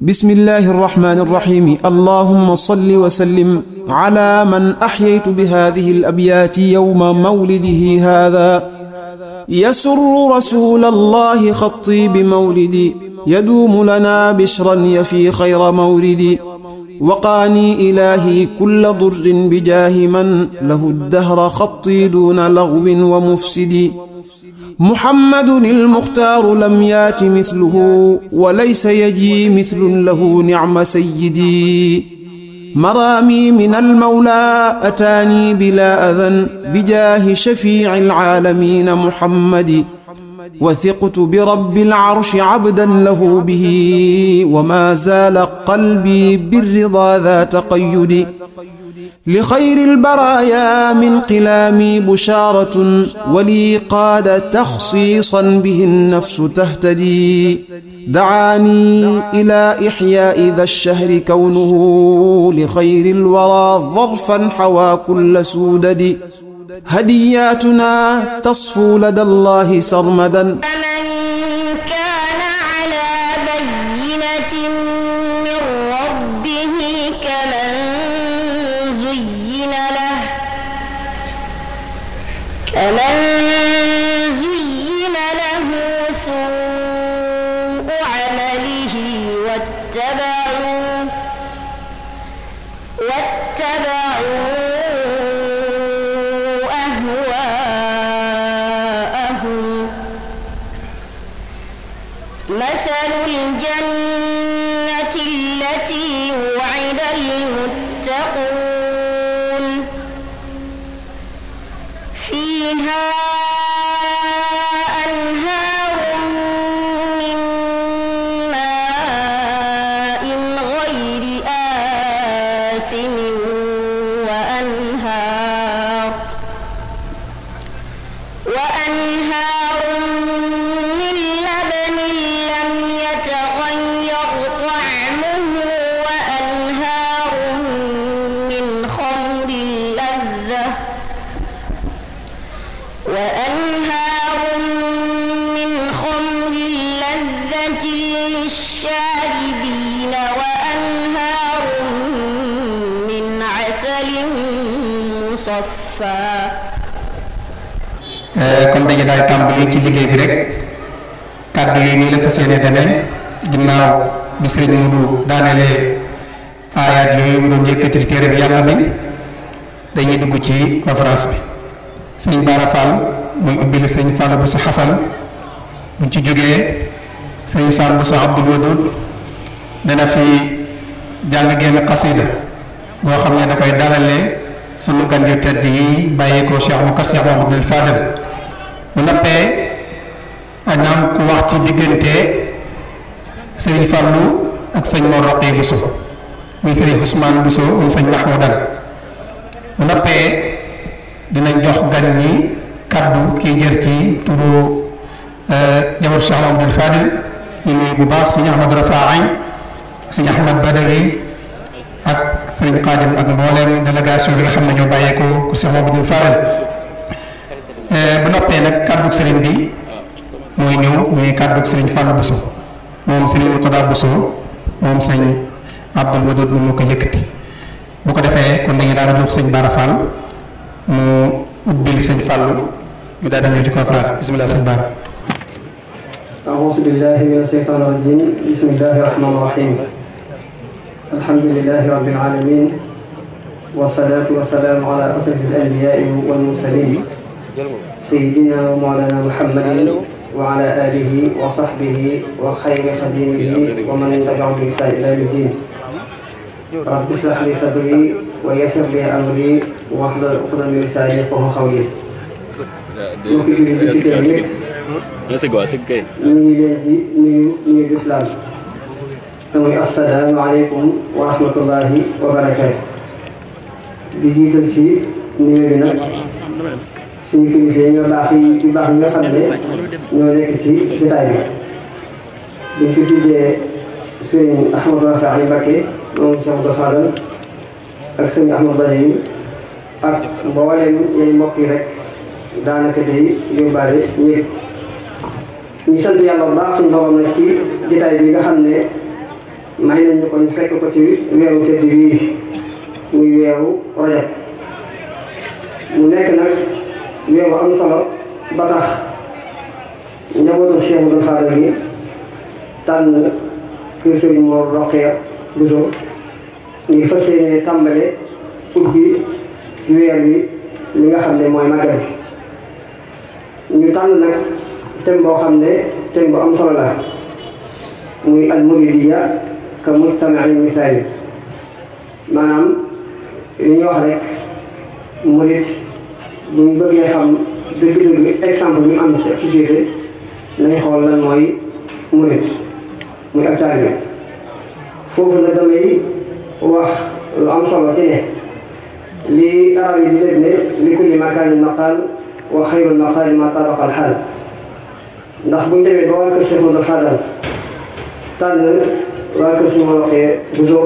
bismillahi irrahmani irrahimi allahuma salli wa sallim ala man axyaytu bi hadihi alabyaati yowma mawlidihi hada yasuru rasula allahi xatti bi mawlidi yaduumu lana bishran yafi xayra mawlidi waqaani ilaahi kulla durrin bijaahi man lahu ddahra xatti duuna lagwin wa mufsidi محمد المختار لم يات مثله وليس يجي مثل له نعم سيدي مرامي من المولى أتاني بلا أذى بجاه شفيع العالمين محمد وثقت برب العرش عبدا له به وما زال قلبي بالرضا ذا تقيد لخير البرايا من قلامي بشارة ولي قاد تخصيصا به النفس تهتدي دعاني إلى إحياء ذا الشهر كونه لخير الورى ظرفا حوى كل سودد هدياتنا تصفو لدى الله سرمدا laay tàmbali ci liggéey bi rek kàddu yi nii la fas yéene demee ginnaaw bi sëriñ Moudou daanelee aayaat yooyu mu doon yëkkatil téere bi yàlla bi dañuy dugg ci conférence bi sëriñ mooy Fall muy ubbili sëriñ Fall Bousso Hassan mu ci jógee sëriñ Sall Bousso Abdoul Wadoud dana fi jàng genn xasida boo xam ne da koy dalalee sunu gan yu tedd yi bàyyeekoo Cheikh Moukassir Mouhamadou Fadel bu noppee ana am ku wax ci diggante sëriñ Fallou ak sëñ Mor Roqee Bousso muy sëriñ Ousmane Bousso um sëñ Mahmoudan bu noppee dinañ jox gan ñi kaddu kii jër ci turu euh, jabar Cheikh Mamadou Fadil ñu nuyu bu baax sëñ Ahmad Rafaañ sëñ Ahmad Badawi ak sëriñ Xaadim ak mbooleem délégation bi nga xam ne ñoo bàyyeekoo ko Cheikh Mamadou Fadil Eh, ba noppee nag kàddug sëriñ bi mooy ñëw muy kàddug sëriñ Fallou Bousso moom sëriñ Mourtada Bousso moom sëñ Abdoul ko yëkkati bu ko defee kon dañuy daal di jox sëñ Bara mu ubbil sëñ Fallou ñu daal di ñëw ci conférence bisimilah sëñ Bara. أعوذ بالله من الشيطان الرجيم بسم الله الرحمن الرحيم الحمد لله رب العالمين والصلاة والسلام على أشرف الأنبياء والمرسلين سيدنا ومولانا محمد وعلى آله وصحبه وخير خديمه ومن تبعه بإحسان إلى الدين رب اشرح لي صدري ويسر لي أمري واحلل عقدة من لساني يفقهوا قولي mbokk yi di di si kër yëpp. ñu ngi leen di nuyu nuyu lislaam. muy asalaamaaleykum wa rahmatullahi wa barakaatu. di jiital ci nuyu bi nag. suñu kilifa yi ñoo baax yi ñu baax yi nga xam ne ñoo nekk ci jotaay bi ñu ko tuddee sëñ Ahmadou Rafahi Mbacké moom Cheikh Abdou Fadal ak sëñ Ahmadou Badawi ak mbooleem yay mbokk yi rek daanaka day yóbbaale ñëpp ñu sant yàlla bu baax suñu borom nag ci jotaay bi nga xam ne may nañu ko ñu fekk ko ci weeru tëdd bii muy weeru rajab mu nekk nag leen am solo ba tax njabootu Cheikh Abdou Khadre gi tànn kër Serigne mu Rokhaya Bousso ngir fas yéene tàmbale ubbi weer wi li nga xam ne mooy magal bi ñu tànn nag thème boo xam ne thème bu am solo la muy al muridiya ka mujtamail misaali maanaam li ñuy wax rek murid bu ñu bëggee xam dëgg mu am ci société nañ xool lan mooy murit muy ak taalibe foofu la damay wax am solo ci li arab di dégg ne li kulli makaanin maqaal wa xayrul maqaali ma tabaqa al xaal ndax bu ñu demee ba waa kër Cheikh Modou Fadal tànn waa kër Cheikh Modou Bousso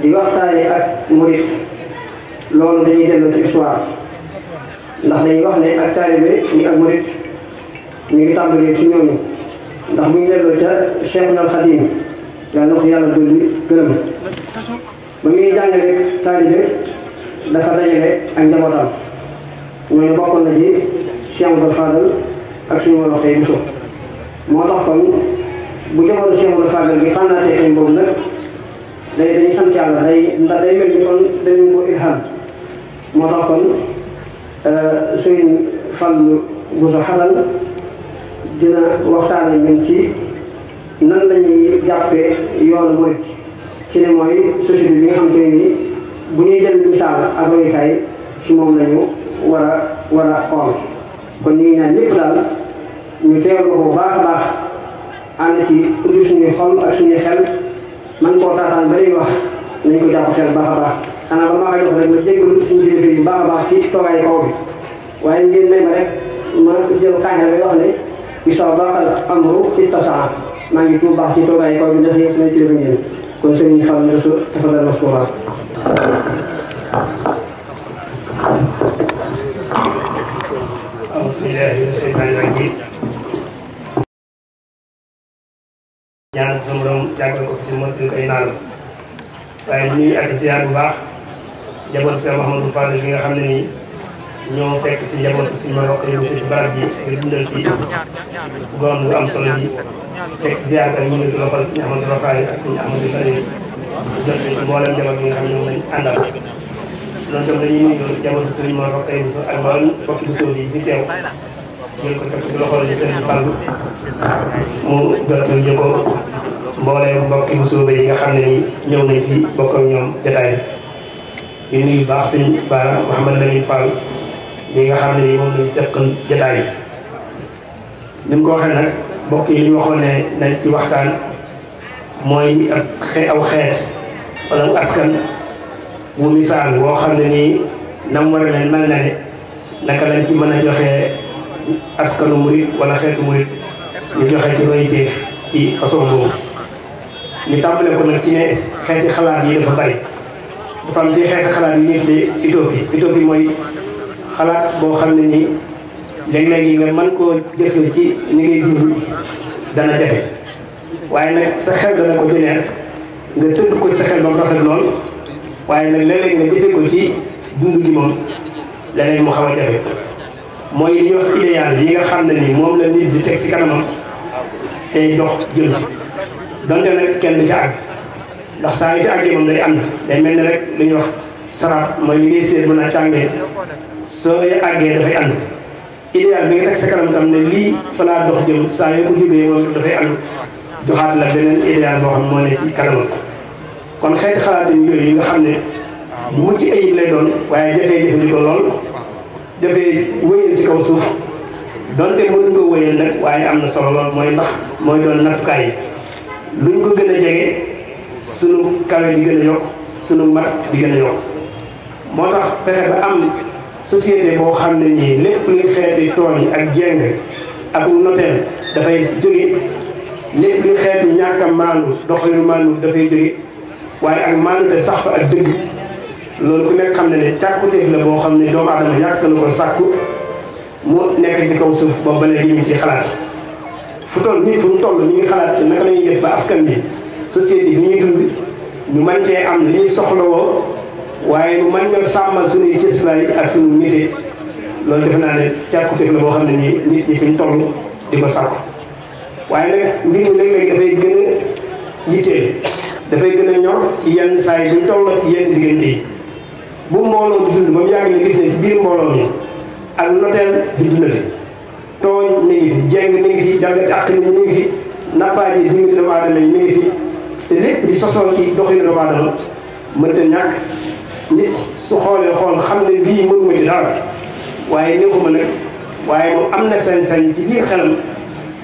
di waxtaane ak murit loolu dañuy dellu ci histoire ndax dañuy wax ne ak taalibe ñi ak murit ñu ngi tàmbalee ci ñooñu ndax bu ñu delloo ca Cheikhul Khadim yàlla na ko yàlla dolli gërëm ba muy jàngale taalibe dafa dajale ak njabootam ñooñu bokkoon na ci Cheikh Abdou Fadal ak suñu wolof tey Bousso moo tax kon bu jamono Cheikh Abdou Fadal bi tànnaatee tey nag day dañuy sant yàlla day ndax day mel ni kon dañu ko ilham moo tax kon Euh, Sëriñ Fallu Bousso Xasan dina waxtaan ak ñun ci nan lañuy jàppe yoonu murit ci ne mooy société bi nga xam te ni bu ñuy jël misaal ak royukaay ci moom lañu war a war a xool kon ñu daal ñu teewlu baax a baax ànd ci ubbi suñuy xol ak suñuy xel man koo taataan ba lay wax nañ ko jàpp baax baax xanaa ba maa koy dox rek ma jégalu suñu kilifa yu baax a baax ci toogaay kaw bi waaye ngeen may ma rek ma jël xaaxira bi wax ne isa baaxal amru ittasaa maa ngi tuub baax ci toogaay kaw bi ndax yéen samay kilifa ngeen kon sëriñ Fall Ndousso dafa dal maskuura أعوذ بالله من الشيطان الرجيم ñaan sama borom jàggal ko fi ci mottali ay naalam waaye ñuy ak ziar bu baax njabootu Cheikh Mouhamadou Fadel gi nga xam ne nii ñoo fekk si njabootu suñu ma roq yi ci barab bi nga dundal fii goon bu am yi nga xam ne moom lañ ne fi bokk ñoom jotaay ñu nuyu baax sëñ Baara Mouhamed Lamine xam ne nii moom lañ mu ko waxee nag mbokk yi li waxoon ne nañ ci waxtaan mooy aw xeet wala aw askan wu misaal woo xam ne nii nam war a mel mel ne naka lañ ci mën a joxe askanu murit wala xeetu murit ñu joxe ci royteef ci façon boobu ñu tàmbale ko nag ci ne xeeti xalaat yi dafa bari. dafa am ci xeeti xalaat yu ñuy tuddee utopie utopie mooy xalaat boo xam ne nii léeg-léegi nga man koo jëfee ci ni ngay dund dana jafe waaye nag sa xel dana ko jëlee nga tënk ko sa xel ba lool waaye nag léeg ko ci dund gi moom leneen mu xaw a jafe mooy li ñuy wax yi nga xam ne nii moom la nit di teg ci kanamam tey dox jëm ci donte nag kenn du ca àgg. ndax saa yu ci àggee moom day ànd day mel ni rek li ñuy wax saraab mooy li ngay seet bu na tàngee soo àggee dafay ànd idéal bi nga teg sa kanam am ne lii fa laa dox jëm saa yoo ko jubee moom dafay ànd joxaat xam moo ne ci yi nga xam ne mucc ayib lay doon waaye jafee jëfandikoo lool dafay wéyal ci kaw suuf donte mënuñ ko wéyal nag waaye am na solo lool mooy ndax mooy doon nattukaay yi luñ ko gën a jege sunu kawe di gën a yokk sunu mat di gën a yokk moo tax fexe ba am société boo xam ne nii lépp luy xeeti tooñ ak jeng ak noteel dafay jóge lépp luy xeetu ñàkk a maanu doxalinu maanu dafay jóge waaye ak maanu te sax fa ak dëgg loolu ku nekk xam ne ne càkkutéef la boo xam ne doomu aadama yàq na ko sàkku mu nekk ci kaw suuf boobu ba léegi ñu ci xalaat fu toll nii fu mu toll ñu ngi xalaat naka la ñuy def ba askan bi société bi ñuy dund ñu mën cee am li soxlawoo waaye ñu mën ñoo sàmmal suñuy cëslaay ak suñu nite loolu defe naa ne def la boo xam ne nii nit ñi fi ñu toll di ko sàkku waaye nag mbir mi léeg-léeg dafay gën a yitteel dafay gën a ñor ci yenn saa yi buñ toll ci yenn diggante yi bu mbooloo di dund ba mu yàgg ne gis ne ci biir mbooloo mi ak noteel judd na fi tooñ mi ngi fi jeng mi ngi fi jalgati àq mi ngi fi nappaaji dignité te lépp di sosoon ci doxinu doomu aadama mënta ñàkk nit su xoolee xool xam ne bii mënuma ci dara waaye neexuma nag waaye moom am na sañ-sañ ci biir xelam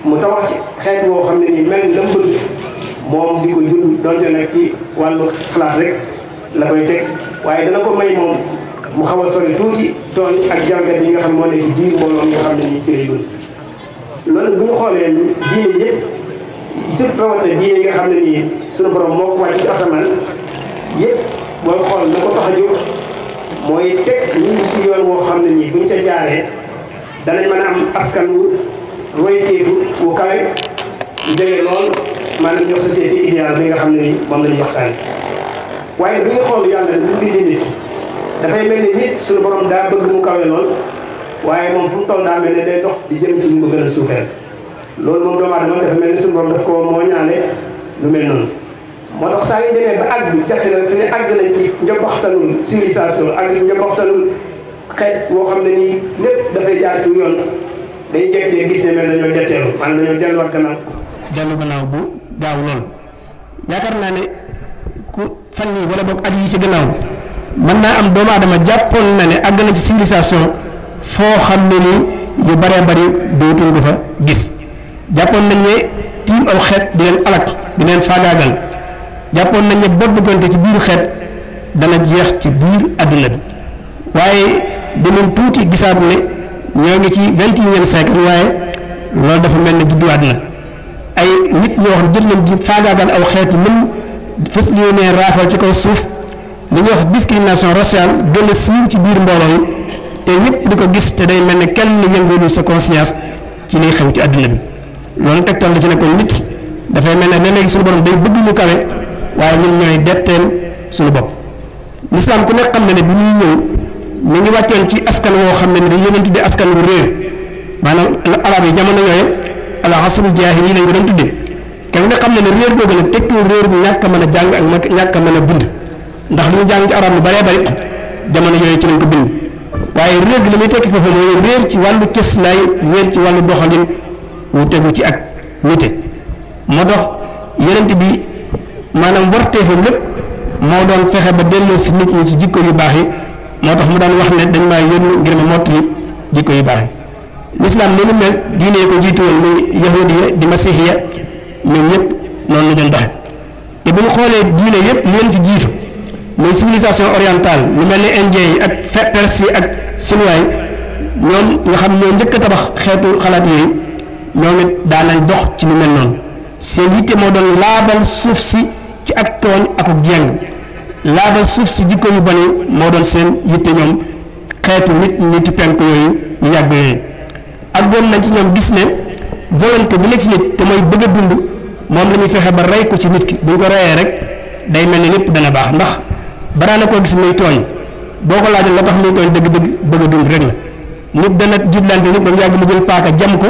mu tabax ci xeet woo xam ne mel na mbëgg moom di ko jund donte nag ci wàllu xalaat rek la koy teg waaye dana ko may moom mu xaw a sori tuuti tool ak jargat yi nga xam moo ne ci biir mbooloo nga xam ne nii ci lay loolu bu ñu xoolee diine yëpp surtout rawatina na yi nga xam ne nii suñu borom moo ko wàcc ci asamaan yëpp booy xool na ko tax a jóg mooy teg nit ñi ci yoon woo xam ne nii buñ ca jaaree danañ mën a am askan wu royteefu wu kawe lu jege lool maanaam ñoo société bi nga xam ne nii moom la ñuy waxtaan waaye bi xool yàlla ni mu bindi nit dafay mel ni nit suñu borom daa bëgg mu kawe lool waaye moom fu mu toll daa mel ne day dox di jëm ci ñu ko gën a suufeel loolu moom doomu aadama dafa mel ni suñu borom ko moo ñaale lu mel noonu moo tax saa yu demee ba àgg jafe na fi ne àgg nañ ci njoboxtanul gannaaw dellu bu gaaw lool naa ne ku fan yii ci gannaaw mën naa am doomu aadama jàppoon na ne àgg na ci civilisation foo xam ne nii yu bëree bëri dootuñ ko fa gis jàppoon nañ ne tiim aw xeet di leen alak di leen faagaagal jàppoon nañ ne boddugante ci biir xeet dana jeex ci biir adduna bi waaye demoon tuuti gisaat ne ñoo ngi ci vingt et unième siècle waaye loolu dafa mel ne judduwaat na ay nit ñoo xam jël nañ ji faagaagal aw xeetu mën fas yéenee raafal ci kaw suuf li ñuy wax discrimination raciale gën a siiw ci biir mbooloo te ñëpp di ko gis te day mel ne kenn yëngalul sa conscience ci lay xew ci adduna bi loolu tegtal la ci ne kon nit dafay mel ne léegi suñu borom day bëgg mu kawe waaye ñun ñooy detteel suñu bopp lislaam ku nekk xam ne ni bi muy ñëw mu ngi wàcceel ci askan woo xam ne ne dañu leen tuddee askan wu réer maanaam arab yi jamono yooyu alxasru jaahili yi lañ ko doon tuddee kenn ne xam ne ne réer googu nag tekkiwul réer bu ñàkk man a jàng ak ñàkk a mën a bind ndax li ñu jàng ci arab lu bëree bëri jamono yooyu ci lañ ko bind waaye réer gi li muy tekki foofu mooy réer ci wàllu cëslaay réer ci wàllu doxalin wu tegu ci ak nite moo dox yonent bi maanaam warteefam lépp moo doon fexe ba delloo si nit ñi ci jikko yu baax yi moo tax mu daan wax ne dañ maa yónni ngir ma mottali jikko yu baax yi lislaam li mu mel diine ko jiituwoon muy yahudiya di masihiya ñoom ñëpp noonu la doon doxe te bu ñu xoolee diine yëpp li leen fi jiitu muy civilisation orientale mu mel ne indien yi ak perse yi ak chinois yi ñoom nga xam ñoo njëkk a tabax xeetu xalaat yooyu ñoom it daanañ dox ci lu mel noonu seen yitte moo doon laabal suuf si ci ak tooñ ak jeng laabal suuf si jikko yu bari moo doon seen yitte ñoom xeetu nit nitu penk yooyu yu yàgg yooyu ak boom nañ ci ñoom gis ne volonté bi ne ci nit te mooy bëgg a dund moom la fexe ba rey ko ci nit ki bu ko reyee rek day mel ne lépp dana baax ndax baraa na koo gis muy tooñ boo ko laajoon la tax muy tooñ dëgg-dëgg bëgg dund rek la nit dana jiblante nit ba mu yàgg mu jël paaka jam ko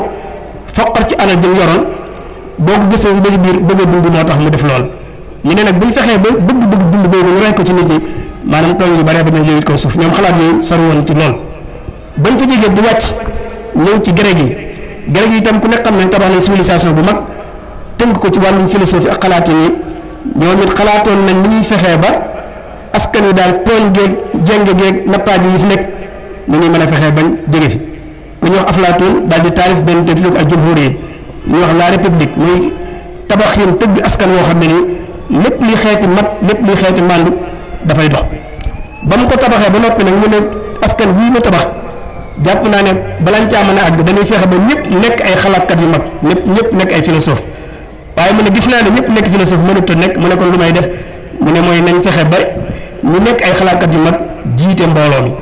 foqar ci alal jëm yoroon boo ko gisee ba ci biir bëgg dund moo tax mu def lool ñu ne nag bu ñu fexee ba bëgg bëgg dund boobu ñu rey ko ci nit ñi maanaam tool yu ba ñu yëwit kaw suuf ñoom xalaat yooyu sori woon ci lool bañ fa jógee di wàcc ñëw ci grec yi grec yi itam ku nekk xam ne tabax nañ bu mag tënk ko ci wàllum philosophie ak xalaat yi ñoom it xalaatoon nañ ni ñuy fexee ba askan wi daal tooñ géeg jénge géeg nappaaji yi fi nekk ñu ngi mën a fexee bañ jóge fi ku ñuy wax Aflaatoon daal di taarif benn te ak ko ak jumhuriya ñu wax la république muy tabax yéen tëgg askan woo xam ne nii lépp luy xeeti mat lépp luy xeeti màndu dafay dox ba mu ko tabaxee ba noppi nag mu ne askan wii ma tabax jàpp naa ne balañ caa mën a àgg dañuy fexe ba ñëpp nekk ay xalaatkat yu mag ñëpp ñëpp nekk ay philosophe waaye mu ne gis naa ne ñëpp nekk philosophe mënut a nekk mu ne kon lu may def mu ne mooy nañ fexe ba ñu nekk ay xalaatkat yu mag jiite mbooloo mi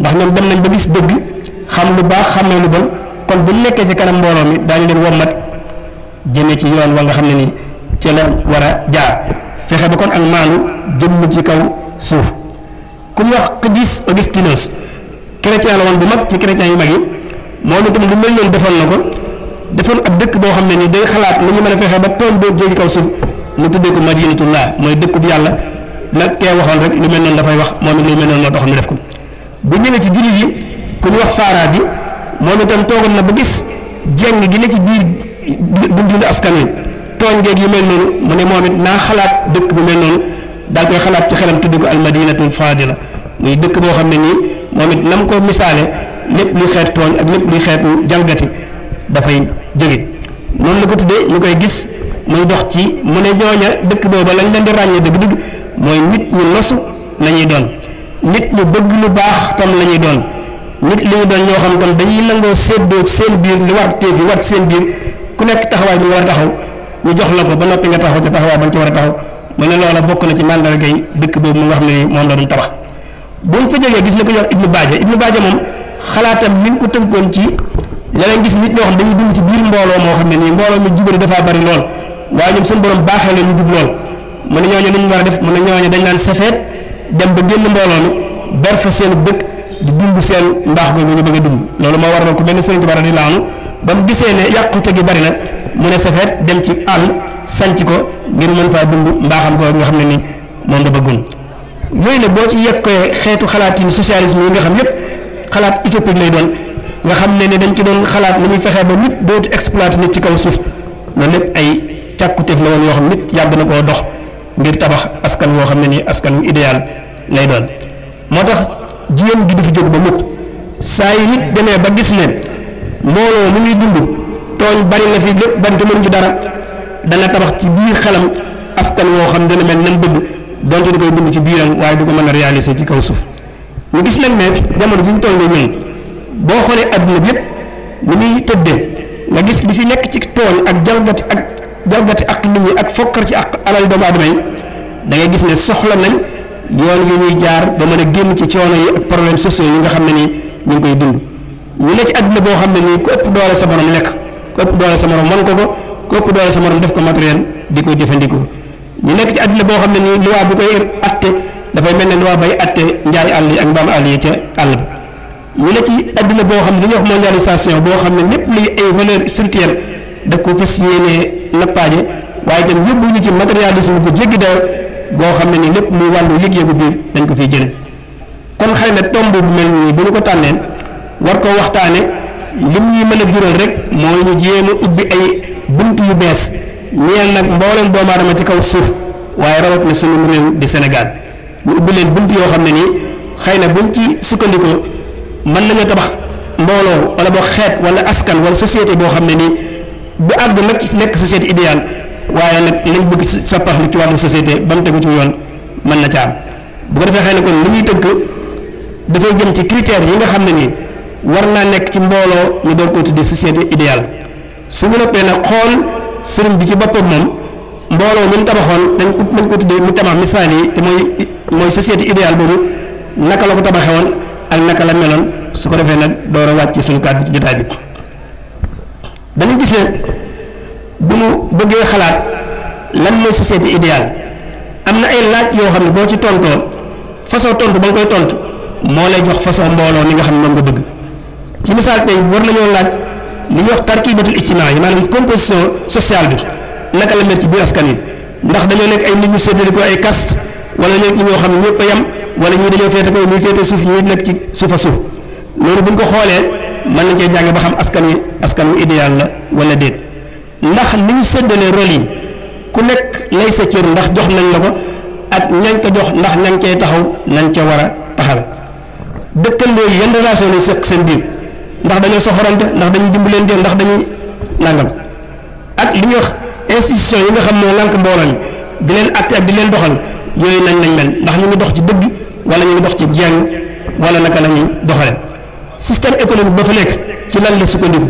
ndax ñoom dem nañ ba gis dëgg. xam lu baax xamee lu bon kon bu nekkee ci kanam mbooloo mi daañu leen wommat jëme ci yoon wa nga xam ne ni ci la war a jaar fexe ba kon ak maandu jëmm ci kaw suuf ku ñu wax Qudis Augustinos chrétien la woon bu mag ci chrétien yu mag yi moom itam lu mel noonu defoon na ko defoon ab dëkk boo xam ne ni day xalaat lu ñu mën a fexe ba tool boobu jéggi kaw suuf mu tuddee ko madinatullah mooy dëkkub yàlla la kee waxoon rek lu mel noonu dafay wax moom it lu mel noonu moo taxoon def ko ku ñu wax faaraa bi moom itam toogoon na ba gis jeng gi ne ci biir dundinu askan wi tooñ geeg yu mel noonu mu ne moom it naa xalaat dëkk bu mel noonu daal koy xalaat ci xelam tudd ko almadinatul faadila muy dëkk boo xam ne nii moom it nam ko misaale lépp luy xeet tooñ ak lépp luy xeetu jalgati dafay jóge noonu la ko tuddee ñu koy gis muy dox ci mu ne ñooña dëkk booba lañ leen di ràññee dëgg-dëgg mooy nit ñu losu la doon nit ñu bëgg lu baax tam la ñuy doon nit li ñu doon ñoo xam kon dañuy nangoo séddoo seen biir li war téef yi war seen biir ku nekk taxawaay bi nga war a taxaw ñu jox la ko ba noppi nga taxaw ca taxawaay ba nga ci war a taxaw mu ne loola bokk na ci mandarga yi dëkk boobu mu nga xam ne moom la doon mu fa jógee gis na ko yox Ibnu Baaja Ibnu Baaja xalaatam mi ngi ko tënkoon ci leneen gis nit ñoo xam dañuy dund ci biir mbooloo moo xam ne nii mbooloo mi jubari dafaa bari lool waaye ñoom seen borom baaxee la ñu jub lool mu ne ñooñu nu ñu war a def mu ne ñooñu dañ naan safeet dem ba génn mbooloo mi ber fa seen dëkk di dund seen mbaax googu ñu bëgg a dund loolu moo waral ku mel ne Sëriñ Tuubaa radiyallaahu anhu ba mu gisee ne yàqute gi bari na mu ne safeet dem ci àll sanc ko ngir mën faa dund mbaaxam googu nga xam ne ni moom da bëggoon yooyu ne boo ci yekkee xeetu xalaatin socialisme yi nga xam yépp xalaat utopique lay doon nga xam ne ne dañ ci doon xalaat nu ñuy fexee ba nit dootu exploité nit ci kaw suuf loolu lépp ay càkkutéef la woon yoo xam nit yàgg na koo dox ngir tabax askan woo xam ne nii askan wu idéal lay doon jéem gi du fi jóg ba mukk saa yi nit demee ba gis leen mbooloo mu ngi dund tooñ bari na fi lépp bante mënu ci dara dana tabax ci biir xelam askan woo xam dana mel nan bëgg donte da koy dund ci biiram waaye du ko mën a réaliser ci kaw suuf ñu gis nag ne jamono ji ñu toll nii boo xoolee adduna yëpp ni muy tëddee gis li fi nekk ci tooñ ak jalgati ak jalgati ak ak fokkar ci ak alal doomu aadama yi da ngay gis ne soxla nañ. yoon yu ñuy jaar ba mën a génn ci coono yi ak problème sociaux yi nga xam ne ni ñu ngi koy dund ñu ne ci àdduna boo xam ne nii ku ëpp doole sa morom lekk ku ëpp man ko ko ku ëpp doole def ko matériel di ko jëfandikoo ñu nekk ci àdduna boo xam ne nii loi bi koy atte dafay mel ne loi bay atte njaay àll yi ak mbaam àll yi ca àll bi ñu ne ci àdduna boo xam ne li ñuy wax mondialisation boo xam ne lépp luy ay valeur spirituelle daf ko fas yéenee nappaaje waaye itam yóbbu ñu ci matérialisme gu jéggi daw boo xam ne ni lépp muy wàllu liggéey bu biir dañ ko fiy jële kon xëy na tomb bu mel nii bu ñu ko tànneen war koo waxtaane lim ñuy mën a jural rek mooy ñu jéem ubbi ay bunt yu bees ñeel nag mboolem doomu aadama ci kaw suuf waaye rawat na sunu réew di Sénégal ñu ubbi leen bunt yoo xam ne nii xëy na buñ ci sukkandikoo mën nañu tabax mbooloo wala boo xeet wala askan wala société boo xam ne nii bu àgg nag ci nekk société idéale waaye nag lañ bëgg sa pax lu ci wàllu société ba mu tegu ci yoon mën na ca am bu ko defee xëy ne kon li ñuy tënk dafay jëm ci critères yi nga xam ne nii war naa nekk ci mbooloo ñu door ko tuddee société idéale su ñu noppee nag xool sëriñ bi ci boppam moom mbooloo mi tabaxoon dañ ko mën ko tuddee mu tabax misaal yi te mooy mooy société idéale boobu naka la ko tabaxee woon ak naka la meloon su ko defee nag door a wàcc suñu kàddu ci jotaay bi dañu gis bu ñu bëggee xalaat lan mooy société idéale am na ay laaj yoo xam ne boo ci tontoo façon tontu ba nga koy tontu moo lay jox façon mbooloo ni nga xam ne moom nga bëgg ci misaal tey war nañoo laaj li ñuy wax tarkibatul ijtimaa yi maanaam composition sociale bi naka la mel ci biir askan wi ndax dañoo nekk ay nit ñu séddale ko ay caste wala nekk ñoo xam ne ñëpp a yem wala ñii dañoo féete kaw ñuy féete suuf ñii nekk ci suuf a suuf loolu bu ñu ko xoolee mën nañ cee jànge ba xam askan wi askan wu idéal la wala déet. ndax ni ñu séddalee rôle yi ku nekk lay sa cër ndax jox nañ la ko ak ñañ ko jox ndax nañ cay taxaw nañ ca war a taxal dëkkandoo yi yan relation lañ seen biir ndax dañoo soxorante ndax dañuy dimbalante ndax dañuy nangam ak li ñuy wax institution yi nga xam moo lànk mbooloo mi di leen ak di leen doxal yooyu nañ lañ mel ndax ñu ngi dox ci dëgg wala ñu dox ci jàng wala naka la ñuy doxale système économique ba fa nekk ci lan la sukkandiku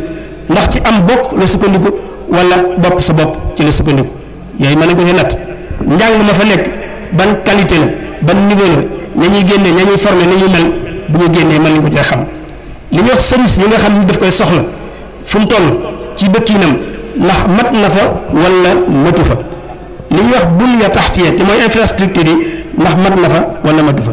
ndax ci am bokk la sukkandiku wala bopp sa bopp ci la sukkandiku yooyu man nañ ko see natt njàng ma fa nekk ban qualité la ban niveau la ña ñuy génnee ña ñuy formé na mel bu ñu génnee mën nañ ko cee xam li ñuy wax service yi nga xam ni daf koy soxla fu mu toll ci yi nam ndax mat na fa wala matu fa li ñuy wax bunya tahtiya te mooy infrastructure yi ndax mat na fa wala matu fa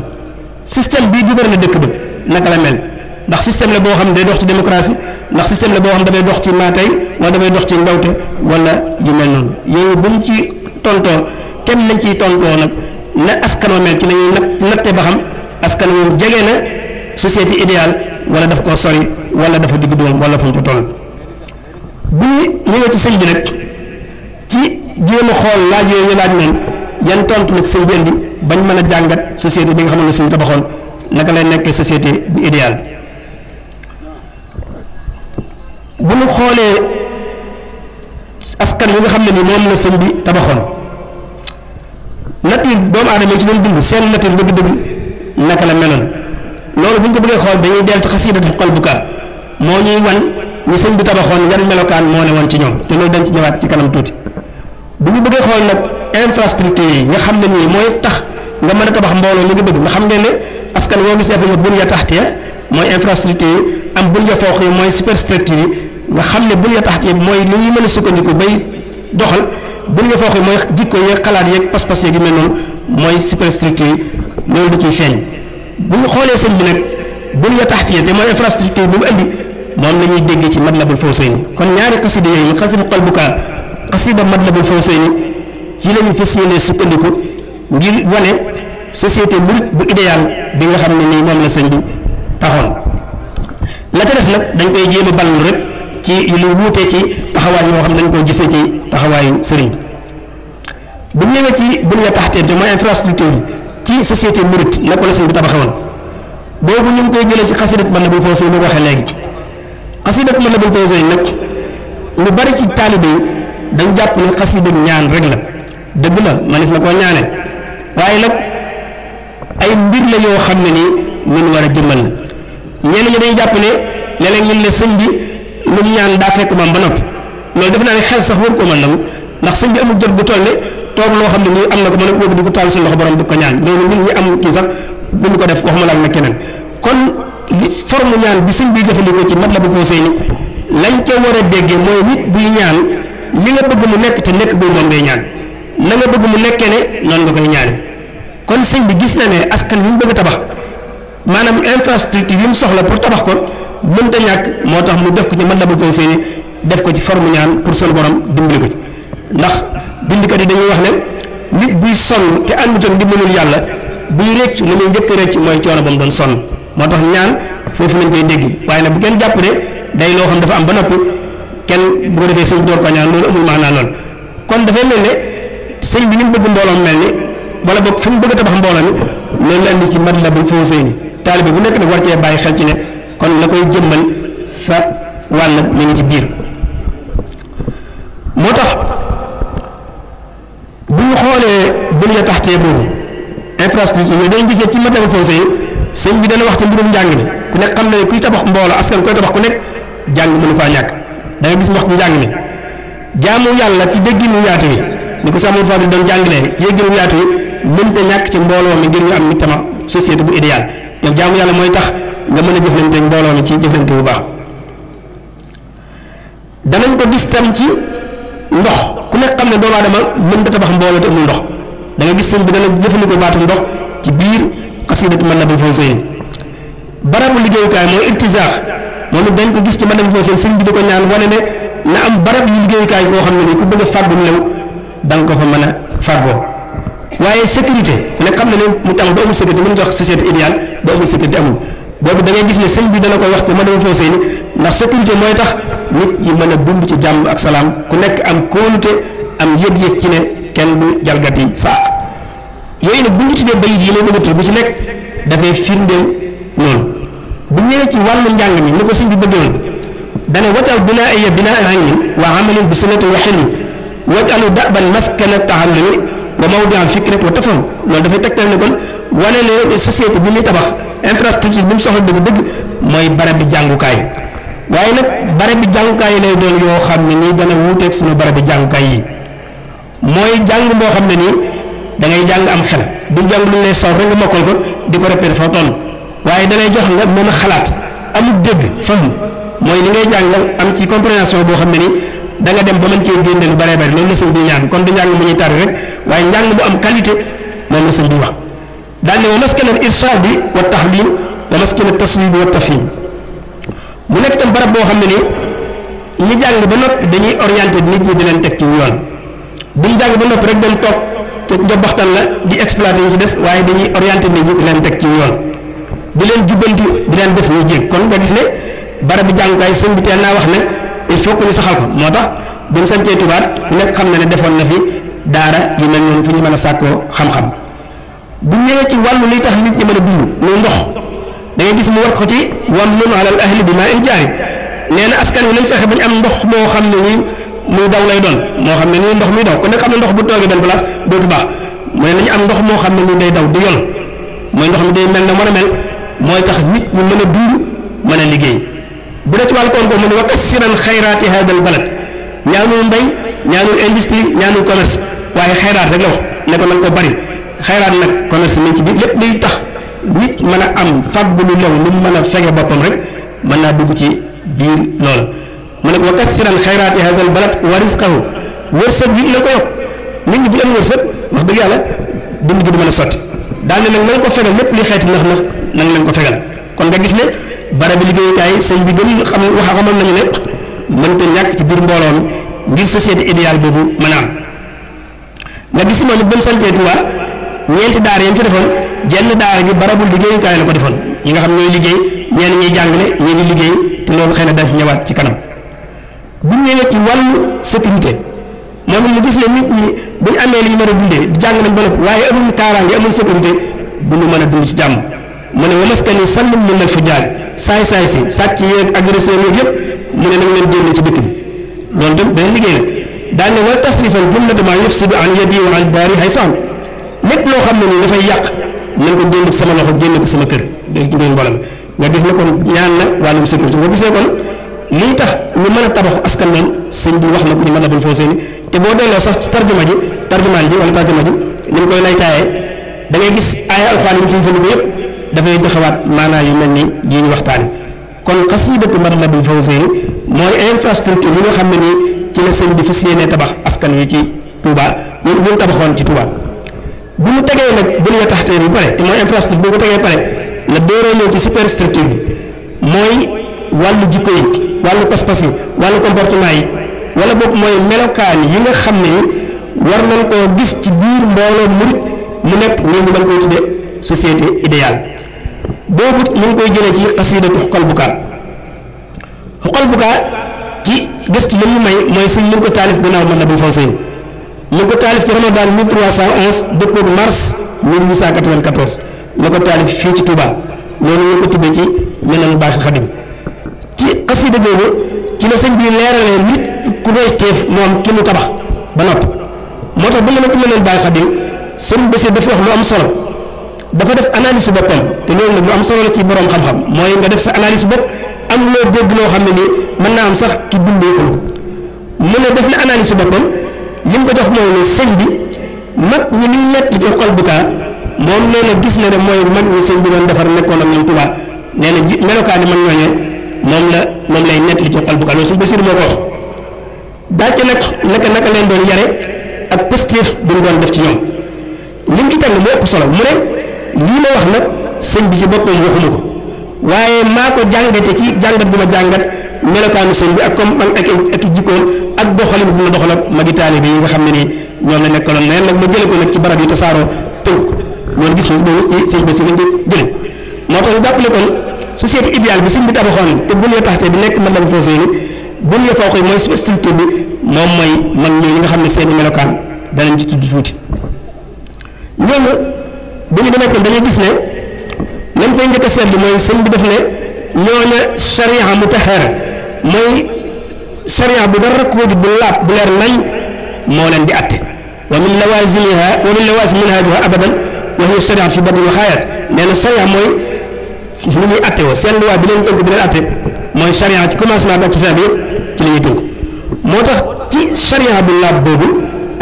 système bii gouverner dëkk bi naka la mel. ndax système la boo xam ne day dox ci démocratie ndax système la boo xam dafay dox ci maatay wala dafay dox ci ndawte wala yu mel noonu yooyu buñ ci tontoo kenn lañ ciy tontoo nag na askan wa mel ci la ñuy natte ba xam askan wu jege na société idéale wala daf ko sori wala dafa digg doom wala fu mu ko toll bu ñu ci sëñ bi nag ci jéem xool laaj yooyu ñu laaj leen yan tontu nag sëñ bi bañ mën a jàngat société bi nga xam ne suñu tabaxoon naka lay nekkee societé bu idéale bu ñu xoolee askan wi nga xam ne ni moom la sëñ bi tabaxoon nature doomu aadama yi ci doon dund seen nature dëgg-dëgg naka la meloon loolu bu ñu ko bëggee xool dañuy dellu ci xasiidatu qalbuka moo ñuy wan ñu sëñ bi tabaxoon yan melokaan moo ne woon ci ñoom te loolu dañ ci ñëwaat ci kanam tuuti bu ñu bëggee xool nag infrastructure yi nga xam ne nii mooy tax nga mën a tabax mbooloo li nga bëgg nga xam ngeen ne askan woo gis def nañu buñ ya taxte mooy infrastructure yi am buñ ya foox yi mooy superstructure nga xam ne buñ la tax te mooy li ñuy mën a sukkandiku bay doxal buñ nga fooxee mooy jikko yeeg xalaat yeeg pas-pas yeeg yu mel noonu mooy superstructure yi loolu da ciy feeñ bu ñu xoolee sëñ bi nag buñ nga tax te mooy infrastructure bi mu indi moom la ñuy déggee ci Matlabul Fawzayni kon ñaari xasida yooyu xasida Qalbuka xasida Matlabul Fawzayni ci la ñu fas yéenee sukkandiku ngir wane société murit bu idéal bi nga xam ne nii moom la sëñ bi taxoon la dañ koy jéem a rek. ci lu wuute ci dañ koo gisee ci taxawaayu sëriñ bu ñëwee ci bu ñu la taxatee te mooy infrastructure bi ci société murit la ko la sëñ bi tabaxewoon boobu ñu ngi koy jëlee ci xasidat mën na bu foo sëy bu waxee léegi xasidat mën na bu foo sëy lu bari ci taalibe yi dañ jàpp ne xasida ñaan rek la dëgg la manis na koo ñaane waaye nag ay mbir la yoo xam ne nii ñun war a jëmmal la ñenn ñi dañuy jàpp ne léeg-léeg ñun sëñ bi lu ñaan daa fekk moom ba noppi loolu def naa ne xel sax war koo mën nangu ndax sëñ bi amul jot bu toll ne toog loo xam ne nii am na ko mën a ko taal seen loxo borom di ko ñaan loolu ñun ñi am kii sax duñu ko def waxuma la na keneen kon li forme ñaan bi sëñ bi jëfandikoo ci mat la bu foo sëy ni lañ ca war a déggee mooy nit buy ñaan li nga bëgg mu nekk te nekk gu moom ngay ñaan na nga bëgg mu nekkee ne noonu nga koy ñaane kon sëñ bi gis na ne askan wi mu bëgg tabax maanaam infrastructure yi mu soxla pour tabax ko mënta ñàkk moo tax mu def ko ci Matlabul Fawzayni def ko ci forme ñaan pour sunu borom dimbali ko ci ndax bindikat yi dañuy wax ne nit buy sonn te àndutoon ndimbalul yàlla buy rëcc lu muy njëkk rëcc mooy coono ba mu doon sonn moo tax ñaan foofu lañ koy dégg waaye ne bu kenn jàpp ne day loo xam dafa am ba noppi kenn bu ko defee sëñ door ko ñaan loolu amul maanaa lool kon dafay mel ne sëñ bi ni mu bëgg mbooloo mel ni wala boog fi mu bëgg a tabax mbooloo mi loolu la indi ci Matlabul Fawzayni taalibe bu nekk nag bàyyi xel ci kon la koy jëmmal sa wàll mi ngi ci biir moo tax bu ñu xoolee buñ la taxtee boobu infrastructure yooyu dañu gis ne ci Matlaboul Fawzayni sëñ bi dana wax ci mbirum njàng mi ku nekk xam ne kuy tabax mbooloo askan koy tabax ku nekk jàng munu faa ñàkk da nga gis mu wax ci njàng mi jaamu yàlla ci dégginu yaatu wi ni ko Sëñ Modou Fadil doon jàngalee ci dégginu yaatu wi mënta ñàkk ci mbooloo mi ngir ñu am mi tama société bu idéal te jaamu yàlla mooy tax. nga mën a jëflante mbooloo mi ci jëflante bu baax danañ ko gis tam ci ndox ku nekk xam ne doomu aadama mën da tabax mbooloo te amul ndox da nga gis sëñ bi dana jëfandikoo baatu ndox ci biir xasidatu mën na ba foo seen barabu liggéeyukaay mooy irtisaax moom it dañ ko gis ci mën na ba foo seen sëñ bi di ko ñaan wane ne na am barab yu liggéeyukaay koo xam ne nii ku bëgg a fàggu lew da nga ko fa mën a fàggoo waaye sécurité ku nekk xam ne ne mu tàng ba amul sécurité mën nga wax société idéale ba amul sécurité amul boobu da gis ne sëñ bi dana ko wax te a dama foo sëy ni ndax sécurité mooy tax nit ñi mën a dund ci jàmm ak salaam ku nekk am kóolute am yëg-yëg ci ne kenn du jalgati saa yooyu nag bu ñu tuddee bayit yi ma bëgg a tudd bu ci nekk dafay firndeel noonu bu ñëwee ci wàllu njàng mi ni ko sëñ bi bëggoon dane watal binaa iya binaa ilmin wa amalin bi sunnati wa xilmi wajalu daban maskana taallumi wa mawdian fikrat wa tafahum loolu dafay tegtal ne kon wane ne société bi muy tabax infrastructure bi mu soxla dëgg-dëgg mooy barab bi jàngukaay waaye nag barab bi jàngukaay lay doon yoo xam ne nii dana wuuteeg suñu barab bi jàngukaay yi mooy jàng boo xam ne nii da ngay am xel du jàng lu lay sor rek nga ko di ko répété fa toll waaye da lay jox nga mën a xalaat amul dégg faham mooy li ngay jàng am ci compréhension boo xam ne nii da nga dem ba mën ci génne lu bare bare loolu la sëñ ñaan kon du njàng mu ñuy tari rek waaye njàng bu am qualité moom la sëñ bi wax. daal ne wa maskana al irshadi wa tahlim wa maskana al taswib wa tafhim mu nekk tam barab boo xam ne ni ñi jàng ba noppi dañuy orienté nit ñi di leen teg ci yoon bu ñu jàng ba noppi rek dem toog te njobaxtan la di exploité yi ci des waaye dañuy orienté nit ñi di leen teg ci yoon di leen jubbanti di leen def ñuy jég kon nga gis ne barab bi jàngukaay sëñ bi teel naa wax ne il faut que ñu saxal ko moo tax bu mu sancee tubaat ku nekk xam na ne defoon na fi daara yi mel noonu fu ñu mën a sàkkoo xam-xam bu ñëwee ci wàllu li tax nit ñi mën a dund muy ndox da ngay gis mu war ko ci a alal ahli bi maa in jaarib nee na askan wi nañ fexe ba ñu am ndox moo xam ne nii daw lay doon moo xam ne nii ndox muy daw ku ne xam ndox bu toogee benn place dootu baax mooy nañu am ndox moo xam ne nii day daw di yoon mooy ndox mi day mel na man a mel mooy tax nit ñi mën a dund mën a liggéey bu dee ci wàllu koom-koom mu ne wa kasiran xayraati hadal balad ñaanul mbay ñaanul industrie ñaanul commerce waaye xayraat rek la wax ne ko nanga ko bari xayraat nag commerce nañ ci biir lépp day tax nit mën a am fàggu lu lew lu mu mën a fege boppam rek mën naa dugg ci biir loola mu ne wa kasiran xayraati hadal balad wa risqahu wërsëg bi na ko yokk nit ñi bu am wërsëg wax dëgg yàlla dund gi du mën a sotti daal ne nag nañ ko fegal lépp li xeeti nax nax nag nañ ko fegal kon nga gis ne barabi liggéeyukaay sëñ bi gën xam wax xamal nañu ne mënta ñàkk ci biir mbooloo mi ngir société idéal boobu mën a am nga gis noonu bu mu sancee ñeenti daar yam fi defoon jenn daara ji barabul liggéeyukaay la ko defoon ñi nga xam ñooy liggéey ñenn ñuy jàngale ñii di liggéey te loolu xëy na dañ ñëwaat ci kanam bu ñëwee ci wàllu sécurité moom ñu gis ne nit ñi bu ñu amee li mën a dundee di nañ ba noppi waaye amuñu kaaraange amul sécurité bu ñu mën a dund ci jàmm mu ne wamaskani sàmm mën na fa jaar saay saay si sàcc yeeg agresseur yeeg yëpp mu ne nañ leen génne ci dëkk bi loolu tam beneen liggéey la daan ne wala tasrifan jumlata ma yufsidu an yadi wa an daari hay soxam lépp loo xam ne nii dafay yàq nañ ko dund sama loxo génn ko sama kër dégg nga mbooloo mi nga gis ne kon ñaan na wàllum sécurité boo gisee kon lii tax ñu mën a tabax askan wi sëñ bi wax na ko ñu mën a bul foo seeni te boo delloo sax ci tarjuma ji tarjumaan ji wala tarjuma ji lay taayee da ngay gis aaya alxuraan yi ci jëfandikoo yëpp dafay joxewaat maanaa yu mel ni ñu waxtaane kon xasiidatu Matlabul Fawzayni mooy infrastructure yi nga xam ne nii ci la sëñ bi fas yéenee tabax askan wi ci Touba ñun ñun tabaxoon ci Touba. bu ñu tegee nag bu ñu taxtee bu pare te mooy infrastructure bu ñu ko tegee pare la dooree ñëw ci superstructure bi mooy wàllu jikko yi wàllu pas-pas yi wàllu comportement yi wala boog mooy melokaan yi nga xam ne ni war nañ koo gis ci biir mbooloo murit mu nekk ñun ñu mën koy tuddee société idéale boobu ñu ngi koy jëlee ci xasiidatu xoqal bukaa xoqal bukaa ci gëstu lu mu may mooy suñ mu ko taalif gannaaw man na bu faw seen la ko taalif ci ramadan 1311 dëppoog mars 1894 la ko taalif fii ci Touba noonu la ko tuddee ci meneen baaxi xadim ci xasida googu ci la sëñ bi leeralee nit ku doy moom ki mu ba nopp moo tax bu ñu ko meneen baaxi xadim sëriñ Bassir dafa lu am solo dafa def analyse boppam te loolu nag lu am solo la ci borom xam-xam mooy nga def sa analyse bopp am loo dégg loo xam ne nii mën naa am sax ki bindee ko mu ne def na analyse boppam. li ko jox mooy ne sëñ bi mag ñi ñuy nekk li ci xol bu kaa moom nee na gis na ne mooy mag ñi sëñ bi doon defar nekkoon ak ñoom Tuubaa nee na ji melokaani mag ñooñee moom la moom lay nekk li ci xol bu kaa loolu suñu Basiru moo ko wax daa ci nag naka naka leen doon yare ak positif bu mu doon def ci ñoom lim ci tànn moo ëpp solo mu ne lii ma wax nag sëñ bi ci boppam waxuma ko waaye maa ko jàngate ci jàngat bu ma jàngat. melokaanu sëñ bi ak comme ak ak i jikkoon ak doxalin bu mu doxal ak magi taalibe yi nga xam ne nii ñoom la nekkaloon leneen nag ma jële ko nag ci barab yi tasaaroo tënk ko gis nañ boobu sëñ bi si lañ ko jële moo tax ñu jàppale kon société idéal bi sëñ bi tabaxoon te bu ñu taxtee bi nekk man la foo sëy ni bu ñu faw koy bi moom mooy man ñoo ñi nga xam ne seen i melokaan danañ ci tudd tuuti ñooñu bu ñu demee kon dañuy gis ne lañ fay njëkk a seetlu mooy sëñ bi def ne ñoo ne charia mutahara mooy sariya bu dara ko di bu leer nañ moo leen di atte wa min lawazimiha wa min lawazim minhajuha abadan wa hiya sariat fi badni waxaayat nee na sariya mooy li ñuy atte woo seen luwaa bi leen tënk bi leen mooy sariya ci commencement ba ci fin bi yëpp ci la ñuy tënk moo tax ci sariya bu boobu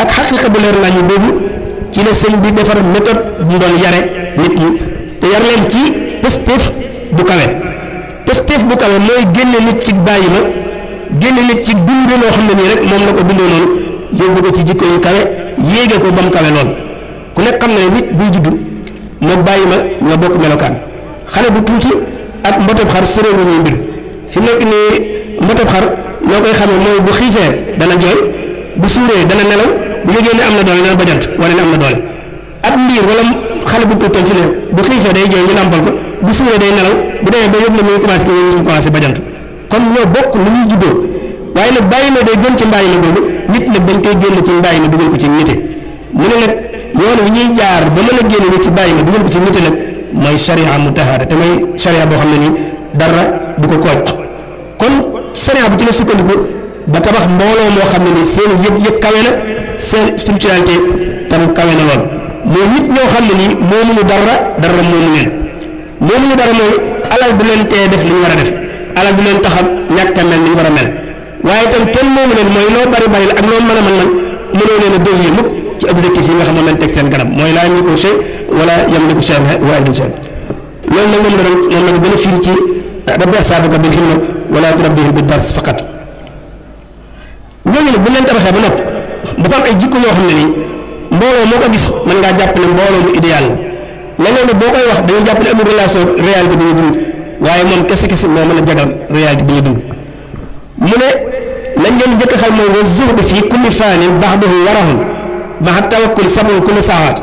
ak xaqiqa bu leer nañu boobu ci la sëñ bi defar méthode bu doon yare nit ñi te yar leen ci pëstëf bu kawe pëstéef bu kawe mooy génne nit ci bàyyi ma génne nit ci dundee loo xam ne nii rek moom na ko dundee noonu yóbbu ko ci jikko yu kawe yéege ko ba mu kawe lool ku nekk xam ne nit buy juddu moom bàyyi ma ñoo bokk melokaan xale bu tuuti ak mbotob xar sëree wu ñuy mbir fi nekk nii mbotob xar noo koy xamee mooy bu xiifee dana jooy bu suuree dana nelaw bu yëgee ne am na doole dana bajant wala ne am na doole ab ndiir wala xale bu tuutoon fi ne bu xiifee bu suuree day nelaw bu demee ba yëg na mu ngi commencé ñoom ñu ngi commencé bajant kon ñoo bokk lu ñuy juddoo waaye nag bàyyi la day gën ci mbaay la boobu nit nag dañ koy génn ci mbaay la dugal ko ci nite mu ne nag yoon wi ñuy jaar ba mën a génn ni ci bàyyi la dugal ko ci nite nag mooy sharia mutahara te mooy sharia boo xam ne nii dara du ko kooj kon sharia bu ci la sukkandiku ba tabax mbooloo moo xam ne nii seen yëg-yëg kawe na seen spiritualité tam kawe na lool mooy nit ñoo xam ne nii dara dara moomu loolu ñu dara mooy alal du leen tee def li ñu war a def alal du leen taxam ñàkk a mel ni ñu war a mel waaye itam kenn moomu leen mooy loo bari bari la ak loo mën a mën man mënoo leen a dévier mukk ci objectif yi nga xam ne leen teg seen garab mooy laa yamliku shay wala yamliku shay'un wa aydun shay'un loolu nag moom la doon moom la ko gën a firi ci ah, rabbi ashaabaka bil himma wala turabbihim bid dars faqat ñooñu nag bu leen tabaxee ba noppi dafa am ay jikko yoo xam ne nii mbooloo moo ko gis mën ngaa jàpp ne mbooloo mu idéal la leneen nag boo koy wax dañuy jàpp ne amul relation réalité bi ñu dund waaye moom kese kese moo na a jagal réalité bi ñu dund mu ne lañ leen njëkk a xam mooy wa zuhd fii kulli faanin baxdahu warahun maxa tawakkul sabun kulli saawaat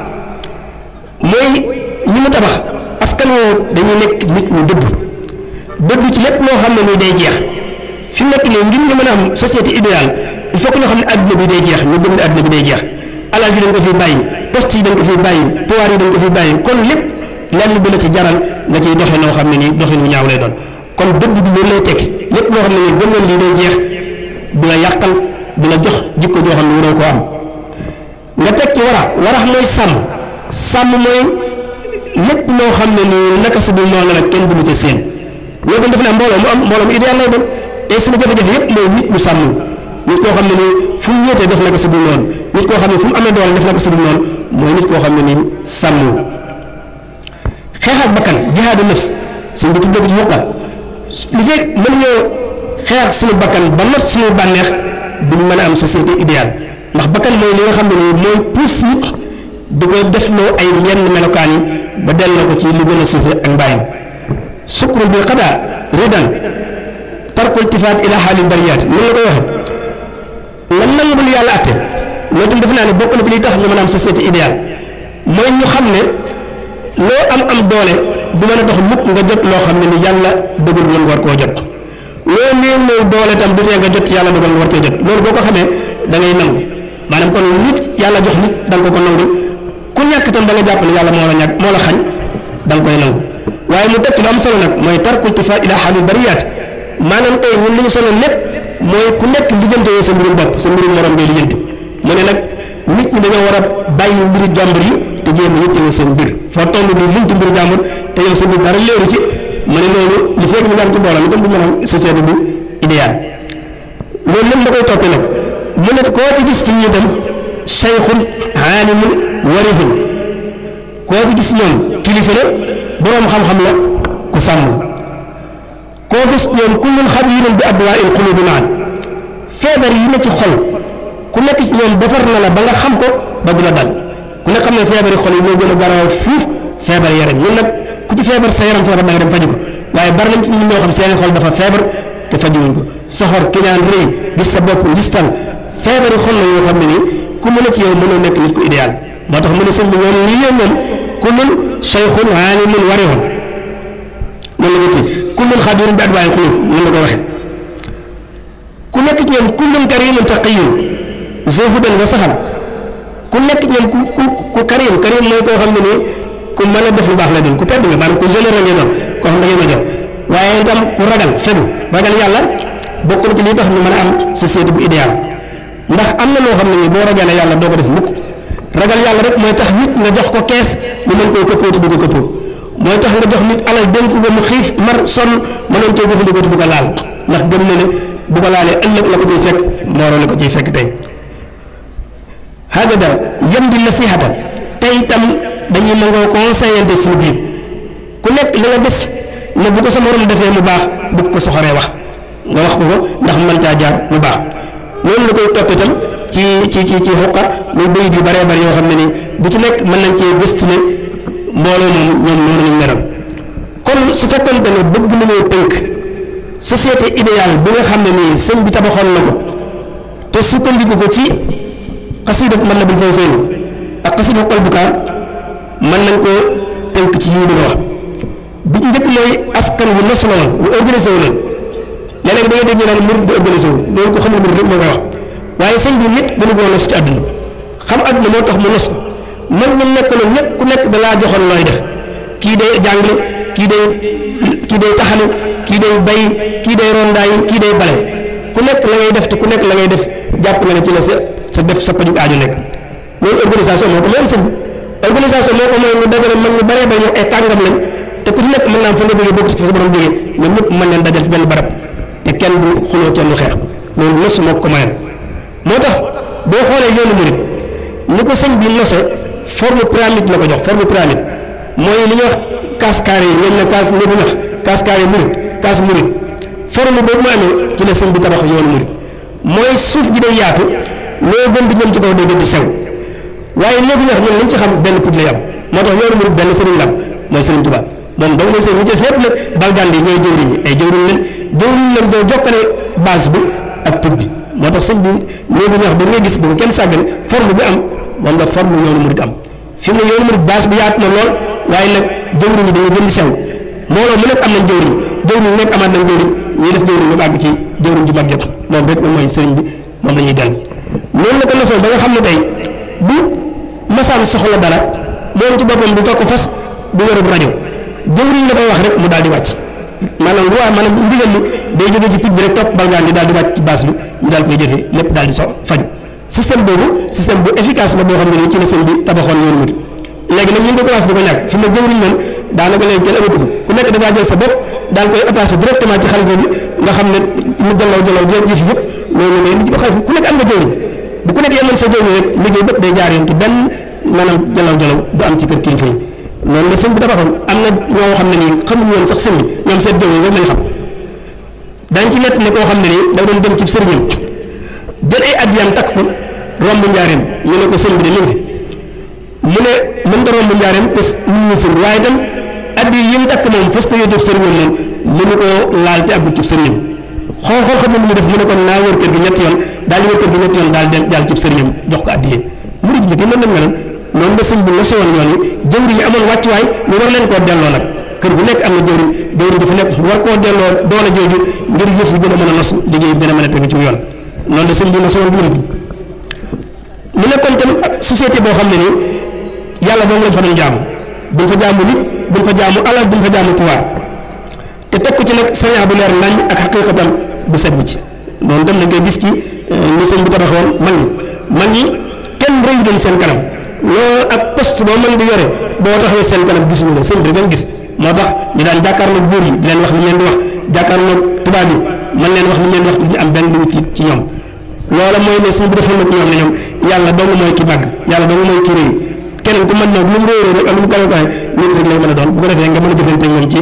mooy ñi mu tabax askan woo dañuy nekk nit ñu dëdd dëdd ci lépp loo xam ne nii day jeex fi mu nekk nii ngir ñu mën a am société idéale il faut que ñoo xam ne adduna bi day jeex ñu gëm ne adduna bi day jeex alal ji ko fi bàyyi. poste yi dañ ko fiy bàyyi yi dañ ko fiy kon lépp lenn bu la ci jaral nga ciy doxe noo xam ne nii doxin wu ñaaw lay doon kon dëgg bi loolu lay tekki lépp loo xam ne nii gëm nga lii day jeex du la yàqal la jox jikko joo xam ne waroo koo am nga teg ci wara warax mooy sàmm sàmm mooy lépp xam ne nii naka su dul noonu la kenn du lu ca seen loolu kon daf ne mbooloo mu am mbooloo mu idéal lay doon tey suñu jafe-jafe yépp mooy nit ñu sàmm nit koo xam ne nii fu mu ñëwee def naka su dul noonu nit koo xam ne fu mu amee doole def naka su dul noonu mooy nit koo xam ne nii sàmmul xeex ak bakkan jihaadu nafs sëñ bi tuddee ko ci wuqaat li fekk mën ñoo xeex ak bakkan ba not suñu bànneex duñ mën a am société idéale ndax bakkan mooy li nga xam ne nii mooy pousse nit di koy defloo ay yenn melokaan ba dell delloo ko ci lu gën a suufee ak mbaayam sukkur bi xadaa ridan tarkul tifaat ila xaali bariyaat mën la koy yàlla atte loolu tamit defe naa ne bokk na ci liy tax ñu mën a am société idéale mooy ñu xam ne loo am am doole du mën a tax mukk nga jot loo xam ne ni yàlla dëggul lan war koo jot loo tam du tee nga jot yàlla dëggal nga war tee jot loolu boo ko xamee da ngay nangu maanaam kon nit yàlla jox nit da ko ko nangu ku ñàkk tam da nga jàpp ne yàlla moo la ñàkk moo la xañ da koy nangu waaye mu tekk lu am solo nag mooy tarkul tifaa ila xaalu bariyaat maanaam tey ñun li ñu solo lépp mooy ku nekk lijjante yoo sa mbirum bopp sa mbirum morom ngay lijjante mu ne nag nit ñi dañoo war a bàyyi mbiru jàmbur yi te jéem a yittewoo seen mbir foo toll di limtu mbiru jàmbur te yow seen mbir dara leeru ci mu ne loolu li fekk mu a société bu idéal loolu lépp da koy toppee nag mu ne koo gis ci ñi tam sayxun aalimun warixun koo gis ñoom kilifa la boroom xam-xam la ku sàmm koo gis ñoom kullun xabiirun bi adwaa il qulubi naan feebar yi na ci xol. ku nekk ci ñoom defar na la ba nga xam ko ba du la dal ku ne xam ne feebari xol yi moo gën a garaaw fuuf feebar yaram ku ci feebar sa yaram feebar da nga dem faju ko waaye bari nañ ci ñun ñoo xam seeni xol dafa feebar te fajuwuñ ko soxor ki naan rëy gis sa bopp njistal feebari xol la yoo xam ne nii mën a ci yow nekk nit moo tax mu ne sëñ bi ñoom lii leen moom ku mën cheikhun aalimun warihun noonu la ko ku mën xadirun bi adwaay ku nekk ci ñoom ku mën karimun taqiyun zéhudan wa saxan ku nekk ñoom ku ku ku karim karim mooy koo xam ne nii ku mën def lu baax la doon ku tedd nga maanaam ku généreux nga doon koo xam da ngeen a jox ragal fegu ragal yàlla bokk na ci li tax ñu mën a am société bu idéal ndax am loo xam ne nii boo ragalee yàlla doo ko def mukk ragal yàlla rek mooy tax nit nga jox ko kees mu mën koo këppoo te du ko këppoo mooy tax nga jox nit alal dénk ko mu xiif mar sonn mënoon cee jëfandikoo te bu ko laal ndax gëm na ne bu ko laalee ëllëg la ko ciy fekk mooroo la ko ciy fekk tey hagada yam di nasihata tey itam dañuy nangoo conseillante suñu biir ku nekk li nga gis ne bu ko sa morom defee mu baax bu ko soxoree wax nga wax ko ko ndax mën caa jaar mu baax noonu la koy topp itam ci ci ci ci xuqa muy bëyit yu baree bari yoo xam ne ni bu ci nekk mën nañ cee gëstu ne mbooloo moom ñoom noonu lañ meloon kon su fekkoon ne bëgg nañoo tënk société ideal bi nga xam ne nii sëñ bi tabaxoon na ko te sukkandiku ko ci xasida mën na bul fay seen ak xasida Alboukaan mën nañ ko tënk ci yii bi nga bi njëkk mooy askan wu wu organisé wu leen léeg-léeg da ngay dégg ñu naan murid di organisé wu loolu ko xamul murid rek moo ko wax waaye sëñ bi nit mënu koo nos ci àdduna xam àdduna moo tax mu nos ko man ñu nekkaloon ñëpp ku nekk dalaa laa joxoon looy def kii day jàngale kii day kii day taxale kii day bay kii day rondaay kii day bale ku nekk la ngay def te ku nekk la ngay def jàpp na ne ci la sa te def sa pajug aajo nekk loolu organisation moo ko moom sëñ organisation moo ko mooy ñu dajale man ñu bëree bay ñoom ay kàngam lañ te ku ci nekk mën naa benn barab te kenn du xuloo kenn du xeex loolu nosu moo ko mayoon moo tax boo xoolee yoonu murit ni ko sëñ bi nose forme pyramide la ko jox forme pyramide mooy li ñuy wax cases carré yi ñoom ne case néegu ñax case carré murit case murit forme boobu mu amee ci la sëñ bi tabax yoonu murit mooy suuf gi day yaatu loo gën di ñëw ci kaw day gën di sew waaye la yam moo tax yoonu mooy sëriñ Tuubaa moom dong mooy sëriñ ñi ci ñëpp ay jëwriñ lañ jëwriñ lañ doo bi ak put bi moo tax sëñ bi léegi ñoo xam ba ngay gis bu kenn sàggane forme bi am moom la forme yoonu murid mu ne yoonu murid base bi yaatu na lool waaye nag jëwriñ yi dañuy gën di sew mbooloo mu nekk am nañ jëwriñ jëwriñ nekk ci jëwriñ ju mag jot moom rek moom mooy sëriñ bi moom la ñuy dellu noonu la ko nosal ba nga xam ne tey bu masaan soxla dara moom ci boppam du toog ko fas du yorub rajo jëwriñ la koy wax rek mu daal di wàcc maanaam lu waa maanaam ndigal li day jóge ci daal di wàcc ci baas bi ñu koy jëfee lépp daal di so faju système bu efficace la boo ne nii ci tabaxoon yoonu murid léegi nag ñu ngi ko commencé ku nekk dafaa jël sa bopp daal koy attaché directement ci xalifa bi nga xam ne mu jëllaw jëllaw jëf yëpp loolu ne li ci xaw ku nekk am nga jëriñ bu ku nekk yemal sa jëriñ rek liggéey bépp day jaar ti te benn maanaam jalaw jalaw du am ci kër kilifa yi loolu am na ñoo xam ne nii xamuñu woon sax sëñ bi ñoom seen jëriñ rek lañ xam daañu ci nett ne koo xam ne nii da doon dem ci sëriñam jël ay addiyaam takk ko romb njaareem ñu ne ko sëñ bi de li mu ne mën nga romb njaareem te ñu sëñ waaye tam addi yi mu takk moom fas ko yóbbu sëriñam moom mënu koo laal te àggul ci sëriñam xool xool xam mu def mu ne kon naa wër kër gi ñetti yoon daal di wër kër gi ñetti yoon jox ko addiyee yi gën a dem melam noonu la sëñ bi nosi woon yoon yi jëwri yi amoon wàccuwaay koo delloo nag na jëwriñ doole jooju ngir yëf yi gën a mën a nos liggéey gën a mën a tegu ci yoon noonu la sëñ bi nosi woon murid yi mu nekkoon tam société boo xam ne nii yàlla boobu lañ fa doon jaamu buñ fa jaamu nit buñ fa jaamu alal buñ fa jaamu pouvoir te teg ko ci nag sariya bu leer nañ ak xaqiqa bu am bu set ci noonu tam lañ koy gis ci euh, ni sëñ bi tabaxoon mag ñi mag ñi kenn rëyu doon seen kanam loolu ak poste boo mën di yore boo taxawee seen kanam gisuñu la seen rek gis moo tax ñu daan jàkkaarloog buur yi di leen wax leen di wax jàkkaarloog tubaab yi mën leen wax li leen wax di ñu am benn ci ñoom loola mooy ne suñu bi defoon nag ñoom ne ñoom yàlla dong mooy ki màgg yàlla dong mooy ki rëy keneen ku mën nag lu mu réy rek ak lu mu kawe kawe nit rek lay mën a doon bu ko defee nga mën a jëfante moom ci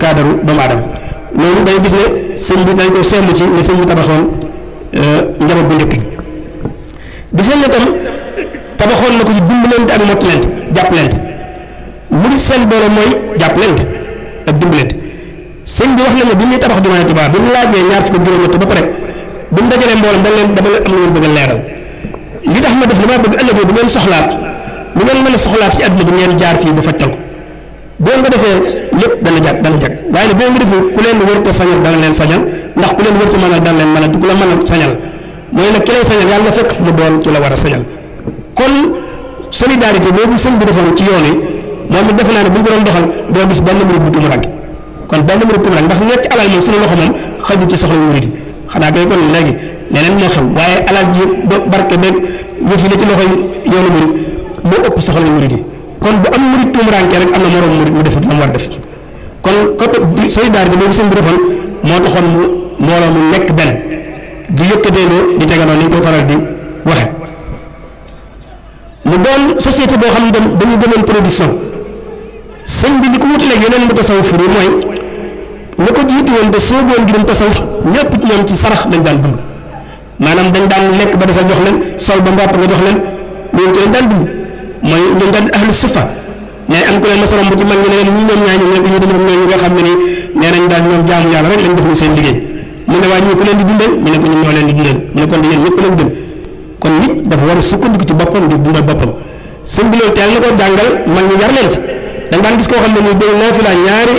kaadaru doomu aadama loolu dañu gis ne sëñ bi dañ ko seetlu ci ne sëñ bi tabaxoon euh, njaboot bu njëkk bi gis nañ ne tam tabaxoon na ko ci dimbalante ak mottalante mu murid seen boole mooy jàppalante ak dimbalante sëñ bi wax na ne bi ñuy tabax jumaa Tuubaa bi ñu ñaar fukki juróom ba pare bi mu dajalee mboolem dañ leen dama leen am na ngeen bëgg a leeral li tax ma def damaa bëgg ëllëgee bu ngeen soxlaat bu ngeen mën a soxlaat ci àdduna bi ngeen jaar fii ba fajtal ko bu ngeen defee lépp dana jag dana jag waaye nag boo ngi deful ku leen wër te sañal dana leen sañal ndax ku leen wër te mënal dana leen mënal ku la mën a sañal mooy nag ki lay sañal yàlla fekk mu doon ci la war a sañal kon solidarité boobu sëñ bi defoon ci yoon yi moom defe naa ne bu ñu ko doon doxal benn murid bu tumurànke kon benn murid tumurànke ndax nekk ci alal moom suñu loxo moom xaju ci soxla murid yi xanaa kay kon léegi leneen moo waaye alal ji barke beeg yëf yi la ci loxo yi yoonu murid moo ëpp soxla murid yi kon bu am murid tumurànke rek am na moroom murid mu defut la mu war def kon côté solidarité boobu sëñ bi defoon moo taxoon mu mbooloo mu nekk benn di yëkkateeloo di tegaloo ni ñu ko faral di waxe mu doon société boo xam ne dañu gënoon production sëñ bi li ko wutaleeg yeneen mu tasawuf yi mooy ña ko jiitu woon te sooboon gi dem tasawuf ñëpp ci ñoom ci sarax lañ daan dund maanaam dañ daan lekk ba desal jox leen sol ba mbàpp nga jox leen ñoom ci lañ daan dund mooy ñoom daan ahlu sufa nee am ku leen masa romb ci mag ñi ne leen ñii ñoom ñaa ñoom ñoo dañoo ñoo ñi nga xam ne ni nee nañ daal ñoom jaamu yàlla rek lañ def ñu seen liggéey mu ne waa ñii ku leen di dundal mu ne ko ñun ñoo leen di dundal mu ne kon di yéen ñëpp leen gën kon nit dafa war a sukkandiku ci boppam di dundal boppam sëñ bi loolu teel na ko jàngal mag ñi yar leen ci da nga daan gis koo xam ne nii day naafila ñaari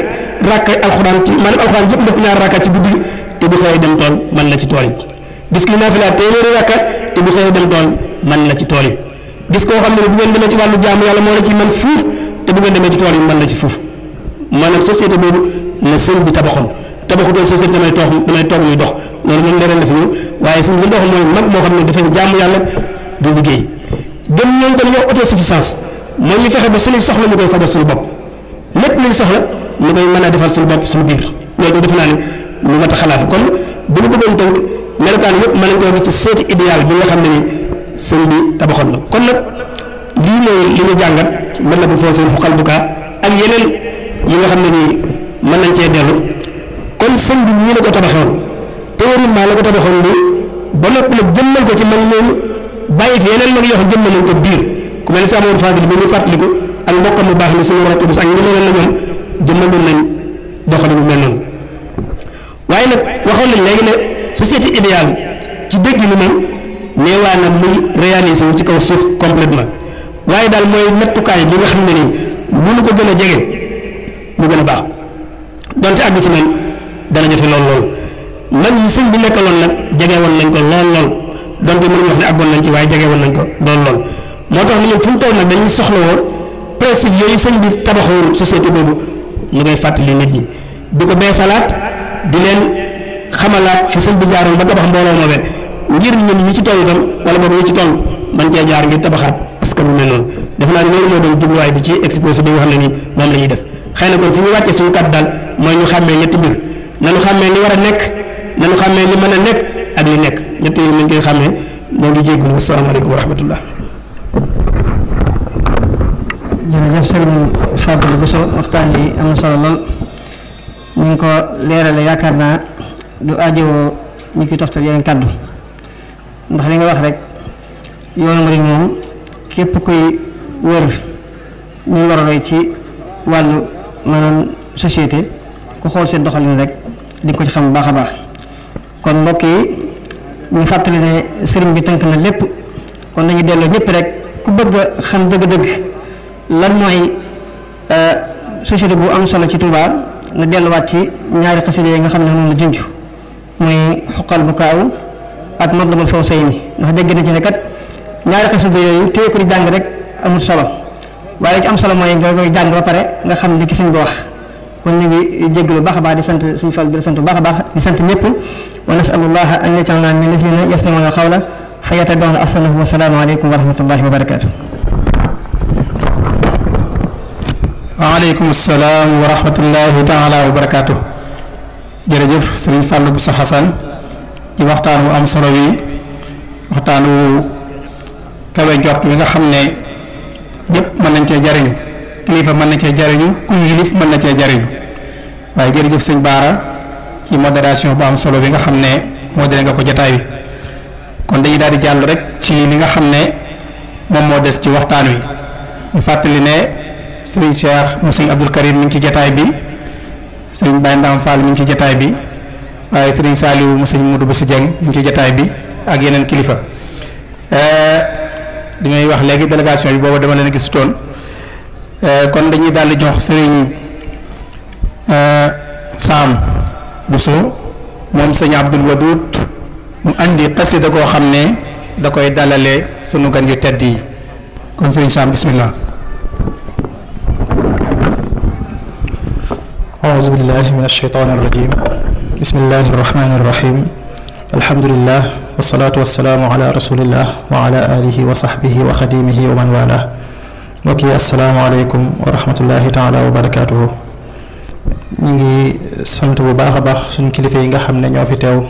rakka alxuraan ci maanaam alxuraan yëpp def ñaari rakka ci guddi te bu xëyee dem tool man la ci tool yi gis ki naafila téeméeri rakka te bu xëyee dem tool man la ci tool yi gis koo xam ne bu ngeen demee ci wàllu jaamu yàlla moo la ci man fuuf te bu ngeen demee ci tool yi mën la ci foofu maanaam société boobu la sëñ bi tabaxoon tabaxutoon société damay toog damay toog muy dox loolu moom leeral na fi ñëw waaye suñ li dox mooy mag moo xam ne dafay jaamu yàlla di liggéey gën ñooñu tam yow autosuffisance mooy ñu fexe ba suñuy soxla ñu koy fajal suñu bopp lépp luñ soxla ñu koy mën a defal suñu bopp suñu biir loolu itam defe naa ne lu mat a xalaat kon bu ñu bëggoon tënk melokaan yëpp mën nañ koy ci seeti idéal bi nga xam ne ni sëñ bi tabaxoon na kon nag lii la li ñu jàngat mën na bu foo seen xuqal kaa ak yeneen yi nga xam ne nii mën nañ cee dellu kon sëñ bi ñii la ko tabaxoon théoriquement la ko tabaxoon ni ba noppi nag jëmmal ko ci mag ñooñu bàyyi fi yeneen mag yoo xam jëmmal nañ ko biir ku mel ne si amoon fadil bi ñu fàttaliku ak mbokkam mu baax ni suñu ratibus ak ñu meloon na ñoom jëmmal nañ doxalin bu mel noonu waaye nag waxoon nañ léegi ne société idéale ci dégg ni moom neewaa na muy réaliser wu ci kaw suuf ma waaye daal mooy nattukaay bi nga xam ne nii mënu ko gën a jege mu gën a baax donte àgg ci man dana jafe lool lool man yi sëñ bi nekkaloon nag jege woon nañ ko lool lool donte mënuñu wax nañ ci waaye jege woon nañ ko lool lool moo tax ñun fu mu toll nag dañuy soxla woon principe yooyu sëñ bi tabaxoon société boobu ñu koy fàttali nit yi di ko beesalaat di leen xamalaat fi sëñ bi jaaroon ba tabax mbooloo moomee ngir ñun ñi ci toll itam wala boobu ñi ci toll man cee jaar ngir tabaxaat. askan wu mel noonu defe naa ne loolu moo doon jubluwaay bi ci exposé bi nga xam ne nii moom la ñuy def xëy na kon fi ñu wàccee suñu kàddu daal mooy ñu xàmmee ñetti mbir na ñu xàmmee li war a nekk na ñu xàmmee li mën a nekk ak li nekk ñetti yooyu nañ koy xàmmee moo ngi jégalu wasalaamaaleykum wa rahmatullah. jërëjëf Serigne Fatou waxtaan bi am na solo lool ñu ngi ko leerale yaakaar naa du aajowoo ñu koy toftal yeneen kàddu ndax li nga wax rek yoonu murid moom. képp koy wër ñu war a roy ci wàllu maanaam société ku xool seen doxalin rek di ko ci xam bu kon mbokk yi ñu fàttali ne sëriñ bi tënk na lépp kon dañuy delloo ñëpp rek ku bëgg a xam dëgg-dëgg lan mooy euh, société bu am solo ci Touba na delluwaat ci ñaari xasida yi nga xam ne moom la junj muy xuqal bu kaaw ak matlabul fawsayni ndax dégg na ci ne ñaari xasida yooyu téye ko di jàng rek amul solo waaye ci am solo mooy nga koy jàng ba pare nga xam ne ki sëñ bi wax kon ñu ngi jégalu baax baax di sant suñu fal di sant bu baax baax di sant ñëpp wa nasalullaha an yaj'alna min lazina yastami'una qawla fa yattabi'una ahsanahu wa salaamu aleykum wa rahmatullahi wa barakaatu. waaleykum salaam wa rahmatullahi taala wa barakaatu. jërëjëf Serigne Fallou Bousso Hassane ci waxtaan wu am solo wi waxtaan kawe jot bi nga xam ne ñëpp mën nañ cee jariñu kilifa mën na cee jariñu ku yilif mën na cee jariñu waaye jërëjëf sëñ Baara ci modération bu am solo bi nga xam ne modéré nga ko jataay bi kon dañuy daal di jàll rek ci li nga xam ne moom moo des ci waxtaan wi mu fàttali ne sëriñ Cheikh mu sëriñ Abdul Karim mi ngi ci jataay bi sëñ Baye Ndam Fall ngi ci jataay bi waaye sëriñ Saliou mu sëriñ Modou Bousso Dieng mi ci jataay bi ak yeneen kilifa euh, li may wax léegi délégation yi booba dama leen ton eh, kon dañuy daal di jox sëriñ eh, Saam Bousso moom sëñ Abdul Wadud mu andi xasida koo xam ne da koy dalale sunu gan yu tedd yi kon sëriñ Saam bismillah أعوذ بالله من الشيطان الرجيم بسم الله الرحمن alhamdulilah wasalaatu wasalaamu ala rasulillah wa ala alihi wa saxbihi wa xadimihi wa man wala mbokk yi asalaamualeykum wa rahmatullahi taala wa barakaatuhu ñu ngi sant bu baax a baax suñu kilifa yi nga xam ne ñoo fi teew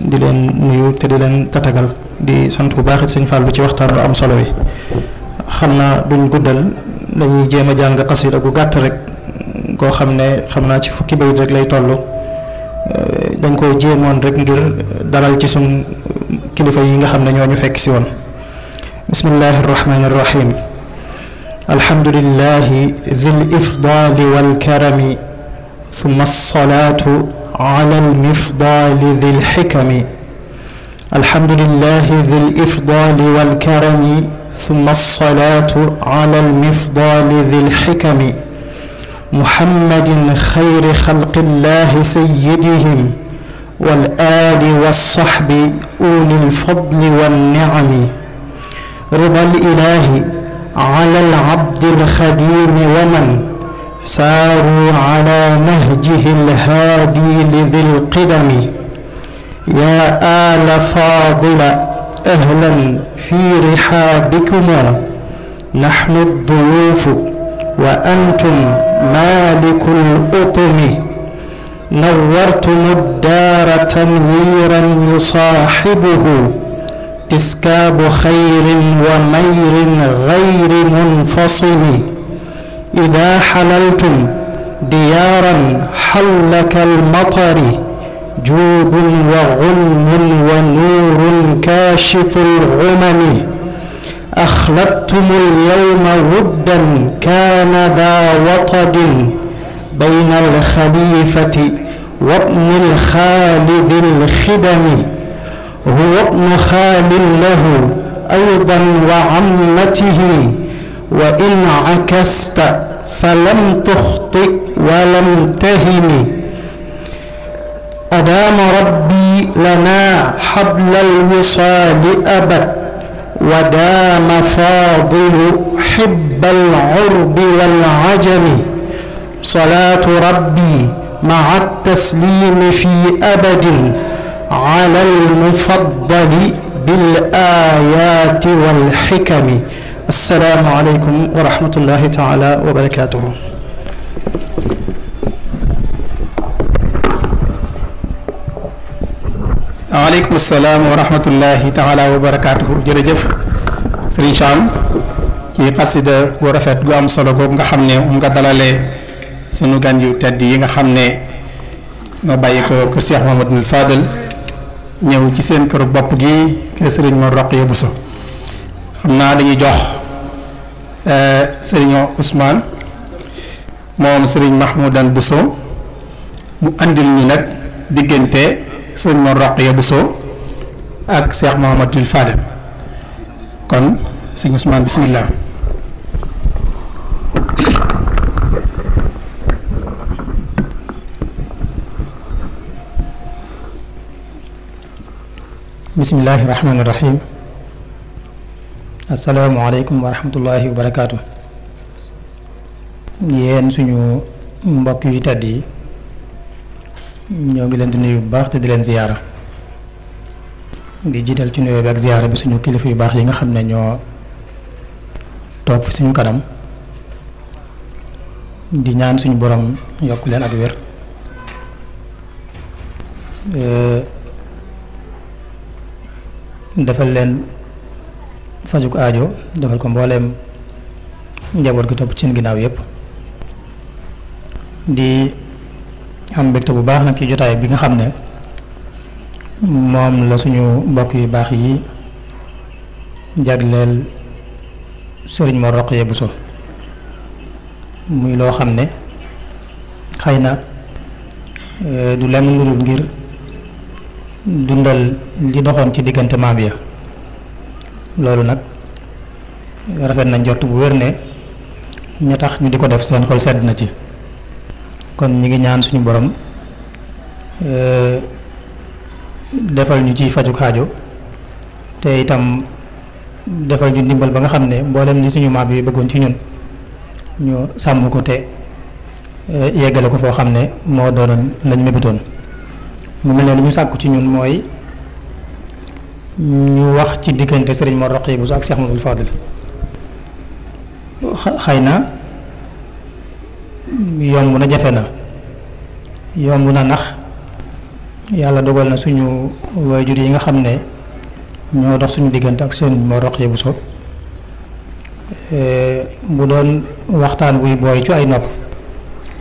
di leen nuyu te di leen tatagal di sant bu baax it sëñ bi ci waxtaan lu am solo wi xam naa duñ guddal dañuy jéem a jàng xasida gu gàtt rek koo xam ne xam naa ci fukki bayit rek lay toll Euh, dañ koo jéemoon rek ngir dalal ci suñ kilifa yi nga xam ne ñoo ñu fekk si woon bismillahi arrahmani arrahim alhamdulilahi dhil ifdali walkarami ثم الصلاة على المفضال ذي الحكم الحمد لله ذي الإفضال والكرم ثم muhammadin xayri xalqillahi sayyidihim wal aali wa saxbi ulil fadli wan nicami ridal ilaahi alal abdil xadiimi wa man saaru ala nahjihi lhaadi lidil qidami yaa aala faadila ahlan fi rixaabikuma naxnu duyuufu وأنتم مالك الأطم نورتم الدار تنويرا يصاحبه إسكاب خير ومير غير منفصل إذا حللتم ديارا حل كالمطر جود وغنم ونور كاشف الغمم أخلدتم اليوم ودا كان ذا وطد بين الخليفة وابن الخالد الخدم هو ابن خال له أيضا وعمته وإن عكست فلم تخطئ ولم تهم أدام ربي لنا حبل الوصال أبت ودام فاضل حب العرب والعجم صلاة ربي مع التسليم في أبد على المفضل بالآيات والحكم السلام عليكم ورحمة الله تعالى وبركاته waaleykum salaam wa rahmatullahi taala wa barakaatuhu jërëjëf sëriñ rafet gu am solo googu nga xam ne mu nga sunu gan yu tedd yi nga xam ne ma bàyyi ko kër Cheikh Mouhamadou ci seen këru bopp gi kër sëriñ Mor Roqe naa dañuy jox euh, sëriñ Ousmane moom sëriñ Mahmoudan Bousso mu andil ñu nag diggante. sëñ Mor Roqaya Bousso ak Cheikh Mouhamadul Fadel kon sëñ Ousmane bisimilah. bismillahi rahmaani rahim asalaamualeykum wa wa barakaatu. yéen suñu mbokk yu tedd ñoo ngi leen di nuyu bu baax te di leen ziyaara di jiital ci nuyoo bi ak ziyaara bi suñu kilifa yu baax li nga xam ne ñoo toog fi suñu kanam di ñaan suñu boroom yokk leen ak wér defal leen fajuk aajo defal ko mbooleem njaboot gi topp ci seen ginnaaw yépp di am mbégte bu baax nag ci jotaay bi nga xam ne moom la suñu mbokk yu baax yi jagleel sëriñ Mor Rokhaya Bousso muy loo xam ne xëy na euh, du lenn lu dul ngir dundal li doxoon ci diggante maam ya loolu nag rafet na njort bu wér ne ña tax ñu di ko def seen xol sedd na ci kon ñu ngi ñaan suñu borom e, defal ñu ci faju xaajo te itam defal ñu ndimbal ba nga xam ne mboolem li suñu maam yi bëggoon ci ñun ñu sàmm ko te e, yeggale ko foo xam ne moo doonoon lañ mébitoon mu mel ne li ñu sàkku ci ñun mooy ñu wax ci diggante Serigne Mor Rokhaya Bousso ak Cheikh Mouhamadoul Fadil xëy na yomb na jafe na yomb na ndax yàlla dogal na suñu jur yi nga xam ne ñoo dox suñu diggante ak seen moo roqee bu so bu e, doon waxtaan buy booy ci ay nopp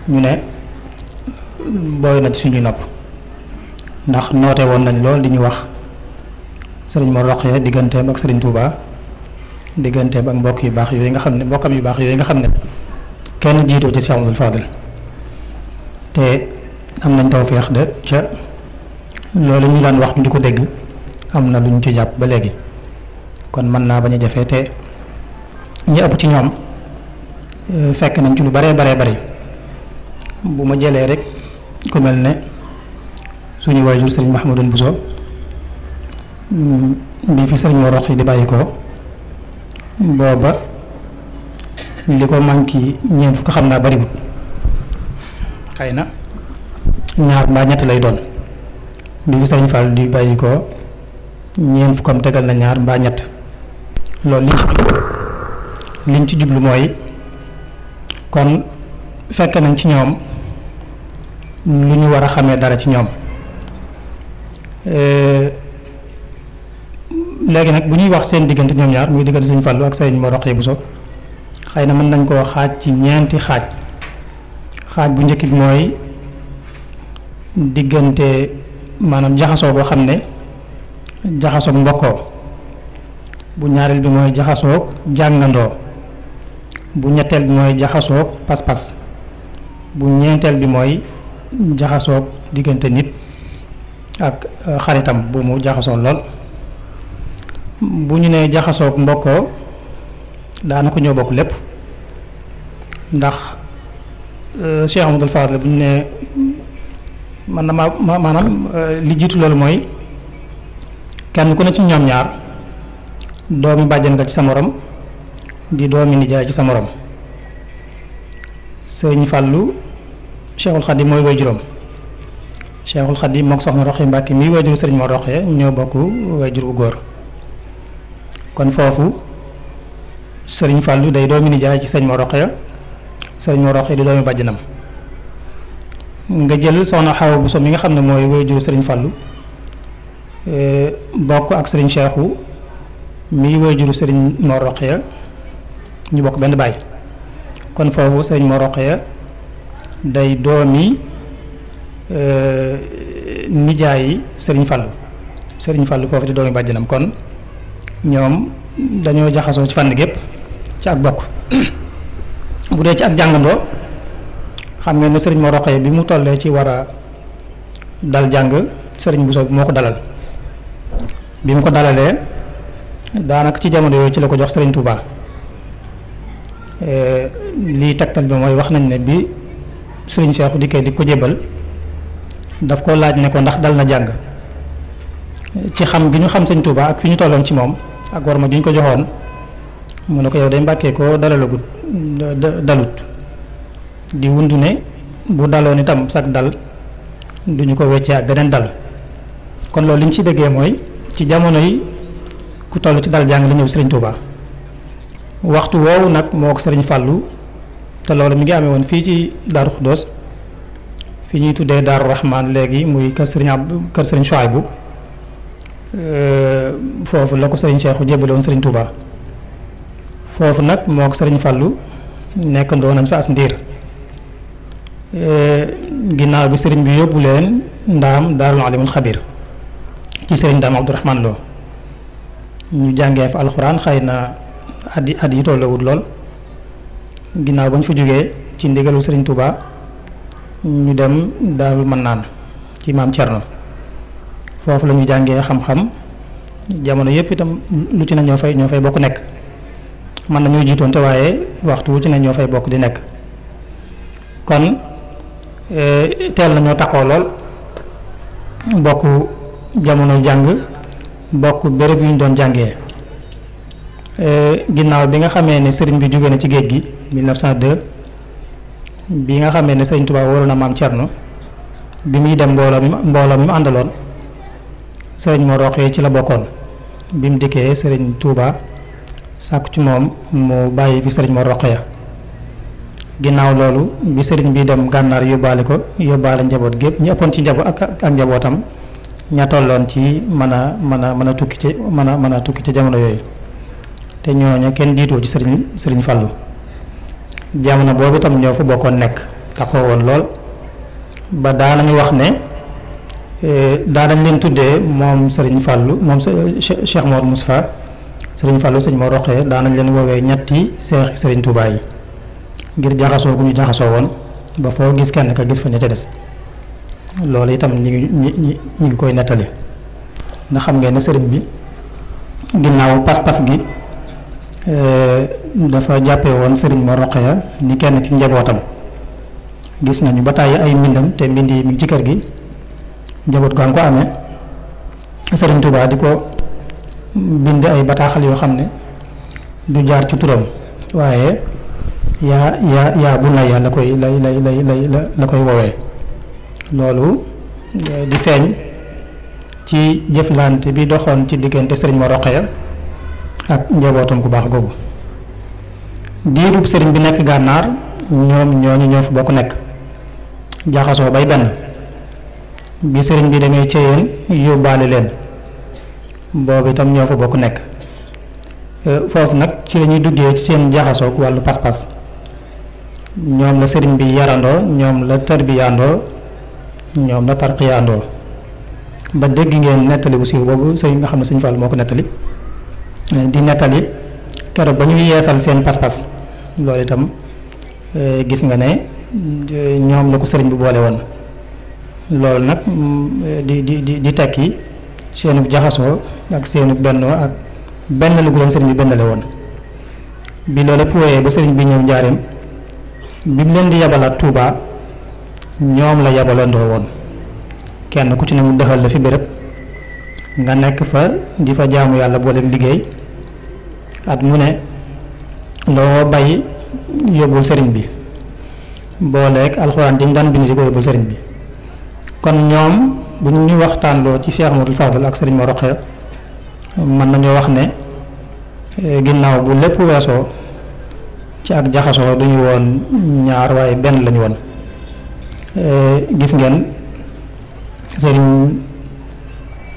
ñu ne booy na suñuy nopp ndax noote woon nañ lool di ñu wax sëriñ moo roqee digganteem ak sëriñ Touba digganteem ak mbokk yu baax yooyu nga xam ne mbokkam yu baax yooyu nga xam ne kenn jiitoo ci Cheikh Amadou te am nañ tawféex de ca loolu ñu daan wax ñu di ko dégg am na lu ñu ci jàpp ba léegi kon mën naa bañ a jafe te ñi ëpp ci ñoom euh, fekk nañ ci lu baree baree bari bu ma jëlee rek ku mel ne suñu waajur sëriñ Mouhamadou Bousso mm, bi fi sëriñ Mor yi di bàyyi ko booba li ko manqué ñeent fukk xam naa bariwut xëy na ñaar mbaa ñett lay doon bi fi Sëriñ Fall di bàyyi ko ñeent fukkam tegal na ñaar mbaa ñett loolu liñ ci jublu liñ ci jublu mooy kon fekk nañ ci ñoom lu ñu war a xamee dara ci ñoom léegi nag bu ñuy wax seen diggante ñoom ñaar muy diggante Sëriñ Fallu ak Sëriñ Mor Rokhaya Bousso xëy na mën nañ koo xaaj ci ñeenti xaaj xaaj bu njëkk bi mooy diggante maanaam jaxasoo boo xam ne jaxasoog mbokkoo bu ñaareel bi mooy jaxasoog jàngandoo bu ñetteel bi mooy jaxasoog bu ñeenteel bi mooy jaxasoog diggante nit ak euh, xaritam bu mu jaxasoo lool bu ñu nee jaxasoog mbokkoo daanaka ñoo bokk lépp ndax euh, Cheikh Amadou Fadel bu ñu nee man na ma maanaam euh, li jiitu loolu mooy kenn ku ne ci ñoom ñaar doomi bàjjan nga ci sa morom di doomi nijaay ci sa morom sëñ Fallou Cheikhul Khadim mooy way juróom Cheikhul moo mook soxna Roxi Mbàkke mii way juru sëriñ moo roxee ñoo bokk way jur bu góor kon foofu sëriñ Fallou day doomi nijaay ci sëñ Mor Roqaya sëriñ Mor Roqaya di doomi bàjjanam nga jël soxna Awa Bousso mi nga xam ne mooy waajur sëriñ Fallou e, bokk ak sëriñ Cheikhou mi waajuru sëriñ Mor Roqaya ñu bokk benn baay kon foofu sëriñ Mor Roqaya day doomi e, nijaayi sëriñ Fallou sëriñ Fallou foofu di doomi bàjjanam kon ñoom dañoo jaxasoo ci fànn gépp ci ak bokk bu dee ci ak jàngandoo xam ngeen ne sëriñ moo roqee bi mu tollee ci war a dal jàng sëriñ Bousso bi moo ko dalal bi mu ko dalalee daanaka ci jamono yooyu ci la ko jox sëriñ Touba eh, lii tegtal bi mooy wax nañ ne bi sëriñ Seexu dikkee di ko jébbal daf ko laaj ne ko ndax dal na jàng ci xam bi ñu xam sëñ Touba ak fi ñu tolloon ci moom ak war ma juñ ko joxoon mu ne ko yow day mbàkkee koo dalalagut dalut di wundu ne bu daloon itam sag dal duñu ko weccee ak geneen dal kon loolu li ñu ci déggee mooy ci jamono yi ku toll ci dal jàng la ñëw Serigne Touba waxtu woowu nag moo ko Serigne Fallou te loolu mi ngi amee fii ci Darou Khoudoss fi ñuy tuddee daaru Rahman léegi muy kër Serigne ab kër Serigne Chouaibou Euh, foofu la ko sëriñ Cheikhu jébbale woon sëriñ Touba foofu nag moo ko sëriñ Fallou nekkandoo nañ fa as ndiir euh, ginnaaw bi sëriñ bi yóbbu leen ndaam daarul alimul xabir ci sëriñ ndaam Abdourahman ñu jàngee fa alxuraan xëy na at yi at yi tolloowut lool ginnaaw ba ñu fa jógee ci ndigalu sëriñ Touba ñu dem daarul mannaan ci maam Thierno. foofu la ñu jàngee xam-xam jamono yëpp itam lu ci ne ñoo fay ñoo fay bokk nekk mën na ñoo jiitoonte waaye waxtu wu ci ne ñoo fay bokk di nekk kon eh, teel nañoo taxoo lool bokk jamono jàng bokk bërëb yu ñu doon jàngee eh, ginnaaw bi nga xamee ne sëriñ bi jóge na ci géej gi 1902 bi nga xamee ne sëriñ Tuubaa waroon na maam Cerno bi muy dem mbooloo mi mbooloo mu àndaloon sëriñ Mor Roqee ci la bokkoon bi mu dikkee sëriñ Touba sàkku ci moom mu bàyyi fi sëriñ Mor Roqee ginnaaw loolu bi sëriñ bii dem gànnaar yóbbaale ko yóbbaale njaboot gépp ñu ëppoon ci njaboot ak njabootam ña tolloon ci mën a mën a mën a tukki ci mën a mën a tukki ci jamono yooyu te ñooñu kenn diitoo ci sëriñ sëriñ Fallou jamono boobu itam ñoo fa bokkoon nekk woon lool ba daanañu wax ne. Eh, daanañ leen tuddee moom Serigne Fallou moom Cheikh Mor Moustapha Serigne Fallou sëñ Mor Roqee daanañ leen woowee ñetti seex Serigne Touba yi ngir jaxasoo gu ñu jaxasoo woon ba foo gis kenn ka gis fa ña des loolu itam ñi ngi ñi ñi ngi koy nettali ndax xam ngeen ne sëriñ bi ginnaaw pas-pas gi eh, dafa jàppee woon sëriñ Mor Roqee ni kenn ci njabootam gis nañu ba tàyyi ay mbindam te mbind yi mu ngi ci kër gi. njaboot gaa nga ko amee Sëriñ Tuubaa di ko bind ay bataaxal yoo xam ne du jaar ci turam waaye yaa yaa yaa bu nay la koy lay lay la koy woowee loolu eh, di feeñ ci jëflante bi doxoon ci diggante sëriñ ma roqee ak njabootam ku baax googu diirub sëriñ bi nekk gànnaar ñoom ñooñu ñoo fi bokk nekk jaxasoo bay benn bi sëriñ bi demee Ceyeen yóbbaale leen boobu itam ñoo fa bokk nekk euh, foofu nag ci la ñuy duggee ci seen jaxasoog wàllu pas-pas ñoom la sëriñ bi yarandoo ñoom la tarbiyaandoo ñoom la tarqiyaandoo ba dégg ngeen nettali bu siiw boobu sëriñ nga xam ne sëriñ Fall moo ko nettali euh, di nettali keroog ba ñuy yeesal seen pas-pas loolu itam euh, gis nga ne ñoom la ko sëriñ bu boole woon. loolu nag mm, di di di di tekki seenub jaxasoo ak seenu bennoo ak benn lu guddoon sëriñ bi benn la woon bi loolu lépp wooyee ba sëriñ bi ñëw njaareem bi mu leen di yabalaat Touba ñoom la yabalandoo woon kenn ku ci ne mu dëxal la fi béréb nga nekk fa di fa jaamu yàlla boo leen liggéey at mu ne loo bay yóbbul sëriñ bi boo lekk alxuraan di bi bind di ko yóbbul sëriñ bi kon ñoom bu ñu waxtaanloo ci Cheikh Modou Fadal ak Serigne Mor Rokhaya mën nañoo wax ne eh, ginnaaw bu lépp weesoo ci ak jaxasoo duñu woon ñaar waaye benn lañu woon eh, gis ngeen Serigne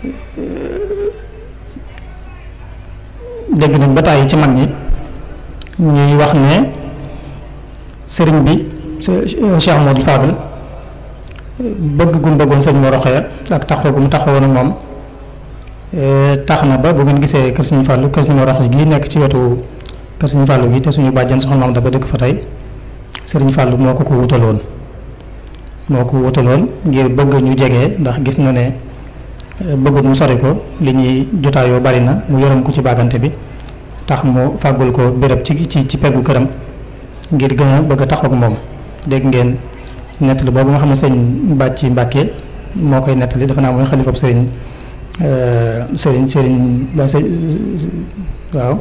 eh, dégg nañ ba tàyyi ci mag ñi ñuy wax ne Serigne bi Cheikh Modou Fadal. bëgg gum bëggoon sëñ Mor Rokhaya ak taxaw gum taxawoon ak moom e, tax na ba bu ngeen gisee kër sëñ Fallou kër sëñ Mor Rokhaya gi nekk ci wetu kër sëñ Fallou gi te suñu bàjjan soxna moom dafa dëkk fa tey sëriñ Fallou moo ko ko wutaloon moo ko wutaloon ngir bëgg ñu jege ndax gis na ne e, bëgg mu sori ko li ñuy jotaayoo bari na mu yërëm ko ci bàggante bi tax mu fàggul ko bërëb ci ci ci peggu këram ngir gën a bëgg a taxaw ak moom dégg ngeen. nettali boobu nga xam ne sëñ Bàcc Mbàkke moo koy nettali dafa naa mooy xalifa sëriñ sëriñ sëriñ waaw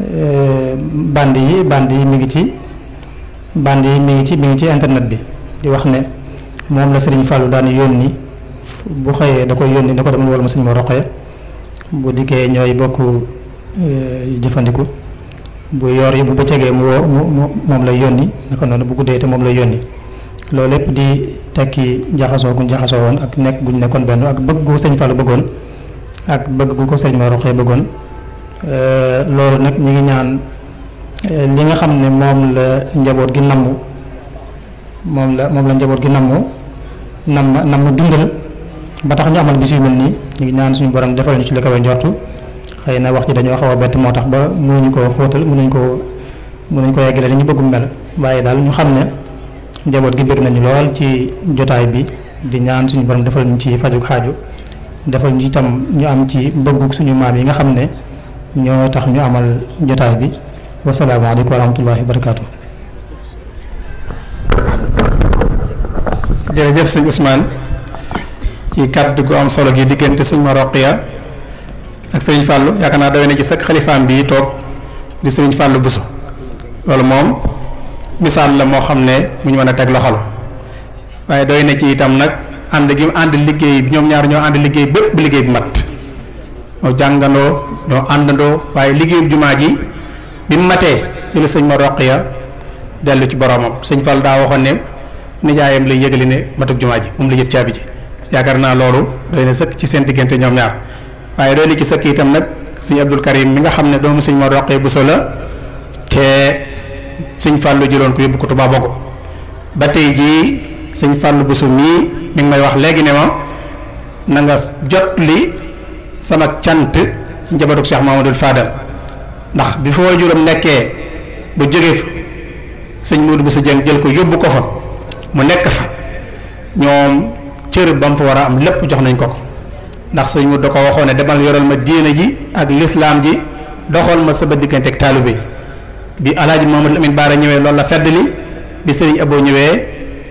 euh, band yi band yi mu ngi ci band yi mi ngi ci mi ci internet bi di wax ne moom la sëriñ Fallou daan yónni bu xëyee da koy yónni ne ko demal wala ma sëñ ma roqee bu dikkee ñooy bokk euh, jëfandiku bu yoor yi bu bëccëgee mu woo moom lay yónni naka noonu bu guddee te moom lay yónni loolu lépp di tekki jaxasoo guñ jaxasoo woon ak nekk guñ nekkoon benn ak bëgg gu sëñ Fallou bëggoon ak bëgg gu ko sëñ Mor Roxaya bëggoon euh, loolu nag ñu ngi ñaan euh, li nga xam ne moom la njaboot gi namm moom la moom la njaboot gi namm nam namm dundal ba tax ñu amal bis yu mel nii ñu ngi ñaan suñu borom defal ñu ci li kawe njortu xëy na wax ji dañoo xaw a bett moo tax ba mënuñ koo xóotal mënuñ koo mënuñ ko yeggale li ñu bëggum mel waaye daal ñu xam ne njaboot gi bëgg nañu lool ci jotaay bi di ñaan suñu borom defal ñu ci fajug xaaju defal ñu itam ñu am ci bëggug suñu maam yi nga xam ne ñoo tax ñu amal jotaay bi wasalaamaaleykum wa rahmatullahi wa barakaatu. jërëjëf sëñ Ousmane ci kàddu gu am solo gi diggante sëñ Maroqiya ak sëñ Fallou yaakaar naa doy na ci sëkk xalifaam bi toog di sëriñ Fallou Bousso loolu moom. misaal la moo xam ne mu ñu mën a teg loxo waaye doy na ci itam nag ànd gi ànd liggéey bi ñoom ñaar ñoo ànd liggéey bépp bu liggéey bi mat ñoo jàngandoo ñoo àndandoo waaye liggéeyu jumaa ji bi matee ci la sëñ ma roq ya dellu ci boromam sëñ Fall daa waxoon ne nijaayam lay yëgali ne matuk jumaa ji moom la yët caabi ji yaakaar naa loolu doy na sëkk ci seen diggante ñoom ñaar waaye doy na ci sëkk itam nag sëñ Abdul Karim mi nga xam ne doomu sëñ ma roq bu so sëñ Fallou jëloon ko yóbbu ko Touba Bogo ba tey jii sëñ Fallou Bousso mii mi ngi may wax léegi ne ma na nga jot li sama cant ci njabootu Cheikh Mamadou Fadal ndax bi fa waajuram nekkee ba jógee fa sëñ bu Bousso Dieng jël ko yóbbu ko fa mu nekk fa ñoom cër ba mu fa war a am lépp jox nañ ko ko ndax sëñ Modou da ko waxoon ne demal yoral ma diine ji ak lislaam ji doxal ma sama diggante ak taalibe yi bi alaaji Mamadou Lamine Baara ñëwee loolu la feddali bi sëriñ Abo ñëwee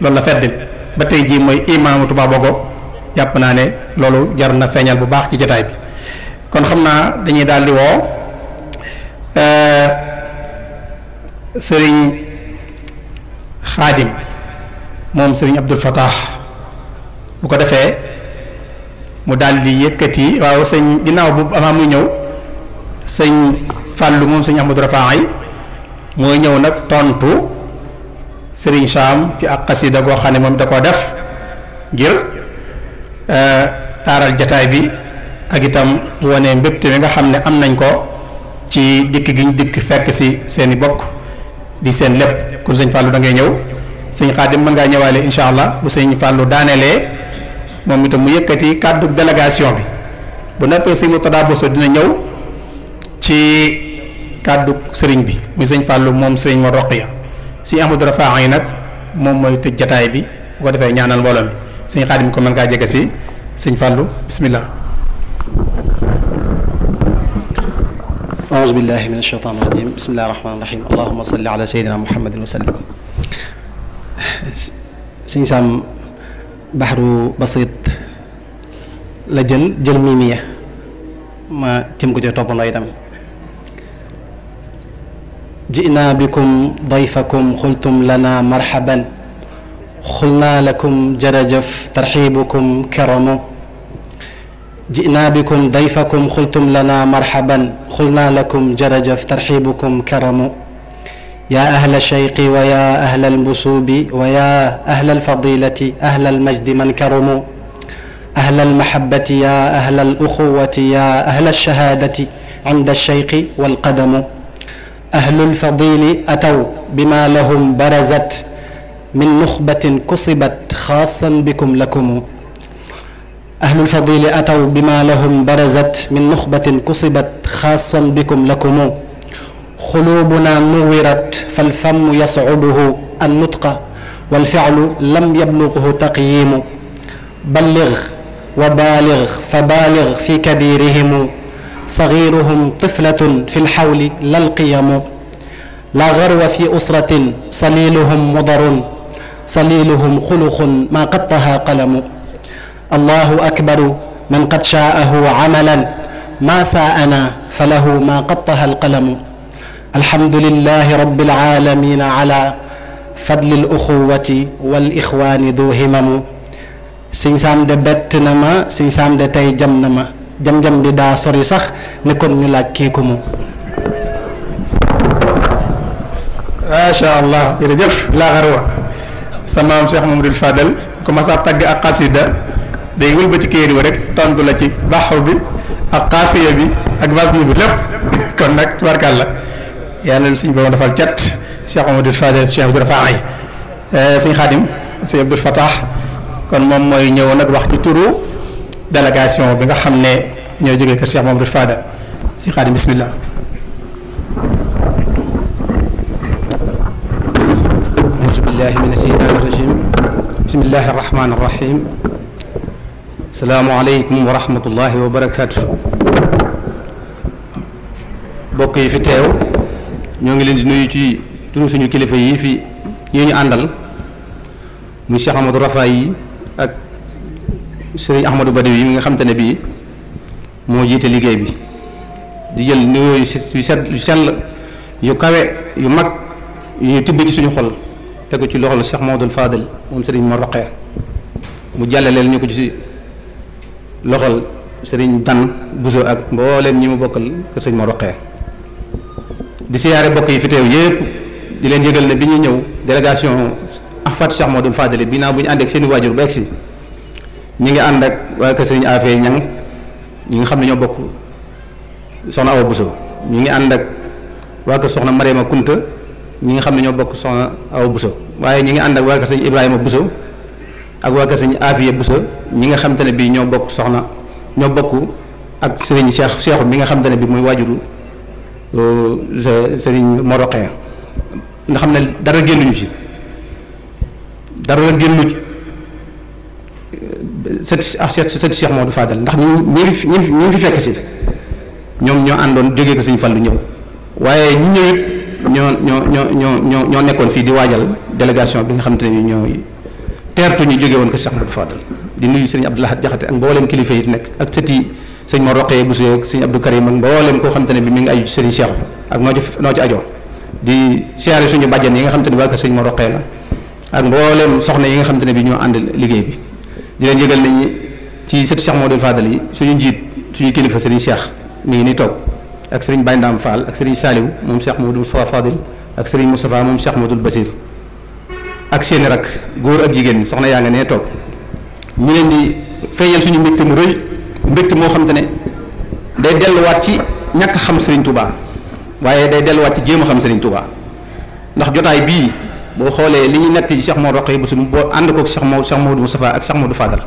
loolu la feddali ba tey jii mooy imaamu Touba Bogo jàpp naa ne loolu jar na feeñal bu baax ci jataay bi kon xam naa dañuy daal di woo euh, sëriñ xaadim moom sëriñ Abdul Fatah bu ko defee mu daal di yëkkati waaw sëñ ginnaaw bu avant muy ñëw sëñ Fàllu moom sëñ Ahmadou Rafaay mooy ñëw nag tontu Serigne Sam ci ak xasida goo xam ne moom da ko def ngir euh, taaral jataay bi ak itam wone mbégte mi nga xam ne am nañ ko ci dikk gi ñu dikk fekk si seeni bokk di seen lépp kon sëñ Fallou da ngay ñëw sëñ Xaadim mën ngaa ñëwaale incha allah bu seen Fallou daanelee moom itam mu yëkkati kàddu délégation bi bu nekkee sëñ Moutada Bousso dina ñëw ci. kàddu sëriñ bi muy sëñ Fallou moom sëriñ ma Roqiya sëñ Ahmadou Rafaay yi nag moom mooy tëj jataay bi bu ko defee ñaanal mbooloo mi sëñ Xaadim ko mën ngaa jege si sëñ Fallou bismillah aouzu billahi min ashaytaan rajim bismillahi Sam baxru basit la jël jël miimiya ma jëm ko ca toppandoo itam جئنا بكم ضيفكم قلتم لنا مرحبا قلنا لكم جرجف ترحيبكم كرم جئنا بكم ضيفكم قلتم لنا مرحبا قلنا لكم جرجف ترحيبكم كرم يا أهل الشيق ويا أهل البسوب ويا أهل الفضيلة أهل المجد من كرموا أهل المحبة يا أهل الأخوة يا أهل الشهادة عند الشيق والقدم ahlul fadili ataw bima lahum barazat min nuxbatin kusibat xaasan bikum lakumu ahlul fadili ataw bima lahum barazat min nuxbatin kusibat xaasan bikum lakumu xuluubuna nuwirat falfamu yascubuhu an nutqa walficlu lam yabluguhu taqyimu ballig wa baalig fa baalig fi kabirihimu صغيرهم طفلة في الحول لا القيم لا غرو في أسرة صليلهم مضر صليلهم خلق ما قطها قلم الله أكبر من قد شاءه عملا ما ساءنا فله ما قطها القلم الحمد لله رب العالمين على fadli l uxuwati wal ixwaani du himamu siñ saam de bett na ma siñ saam de tey jam na ma jam-jam bi daa sori sax ne kon ñu laaj kii ko moom. macha allah jërëjëf laa xarwa sa maam Cheikh Mamadou Fadel ku mas a tagg ak xasida day wëlbati këyit wa rek tontu la ci baxu bi ak xaafiya bi ak wasni bi lépp kon nag tubarkàlla yàlla na suñu borom defal cat Cheikh Mamadou Fadel Cheikh Abdou Rafaay eh, sëñ Xaadim sëñ Abdou Fatah kon moom mooy ñëw nag wax ci turu. délégation bi nga xam ne ñoo jógee kër Cheikh Mamadou Fadal si xaadim bismillah auzu billahi mina sheytaani rajim bismillahi rahmaani rahim salaamualeykum wa rahmatullahi wa barakaatu mbokk yi fi teew ñoo ngi leen di nuyu ci turu suñu kilifa yi fi yi ñu àndal muy Cheikh Amadou Rafaay yi sëriñ Ahmadou Badawi yi mi nga xam te ne bii moo jiite liggéey bi di jël nuyoo yu set yu sell yu kawe yu mag yu ñu tibb ci suñu xol tegu ci loxol Cheikh Maodul Fadel moom sëriñ Mor Roqee mu jàllaleel ñu ko ci loxol sëriñ Dan Buso ak mbooleen ñi mu bokkal kër sëriñ Mor Roqee di siyaare bokk yi fi teew yépp di leen yëgal ne bi ñuy ñëw délégation Ahfad Cheikh Maodul Fadel bi naa bu ñu àndeek seeni waajur ba egsi ñi ngi ànd ak waa kër Serigne Afé ñang ñi nga xam ne ñoo bokk soxna aw Bousso ñi ngi ànd ak waa kër soxna ñi nga xam ne ñoo bokk soxna Awa Bousso waaye ñi ngi ànd ak waa kër Serigne Ibrahima Bousso ak waa kër Serigne ñi nga xam te ne bii ñoo bokk soxna ñoo bokk ak Serigne Cheikh Cheikhu mi nga xam te ne bii muy waajuru euh, Serigne Moroqee nga xam ne dara génnuñu ci dara génnu sët ah, sët Cheikh Modou Fadal ndax ñu ñu ñu fi fekk si ñoom ñoo àndoon jógee ko Sëñ Fallu ñëw waaye ñu ñëwit ñoo ñoo ñoo ñoo ñoo nekkoon fii di waajal délégation bi nga xam te ne ñoo teertu ñu jóge woon ko Cheikh Modou di nuyu sëñ Abdou Lahad Jaxate ak mboolem kilifa yi nekk ak sëti sëñ Mor Roqee Bousso ak sëñ Abdou Karim ak mboolem koo xam te ne bi mi ngi aju sëriñ Cheikh ak noo ci noo ci ajoo di siyaare suñu bàjjan yi nga xam te ne bi sëñ Mor Roqee la ak mboolem soxna yi nga xam ne bi ñoo ànd liggéey bi di leen yëgal nañu ci sëtu Cheikh Modou Fadal yi suñu njiit suñu kilifa sëriñ Cheikh mu ngi ni toog ak sëriñ Bayndaam Fall ak sëriñ Saliou moom Cheikh Modou Moustapha Fadil ak sëriñ Moustapha moom seex Cheikh Modou Basir ak seeni rak góor ak jigéen soxna yaa nga nee toog ñu leen di feeñal suñu mbégte mu rëy mbégte moo xam ne day delluwaat ci ñakk xam sëriñ Touba waaye day delluwaat ci jéem xam sëriñ Touba ndax jotaay bii boo xoolee li ñu nett ci Cheikh Modou Rokhaya Bousso boo ànd koog Cheikh Modou Cheikh Modou Moustapha ak Cheikh du Fadal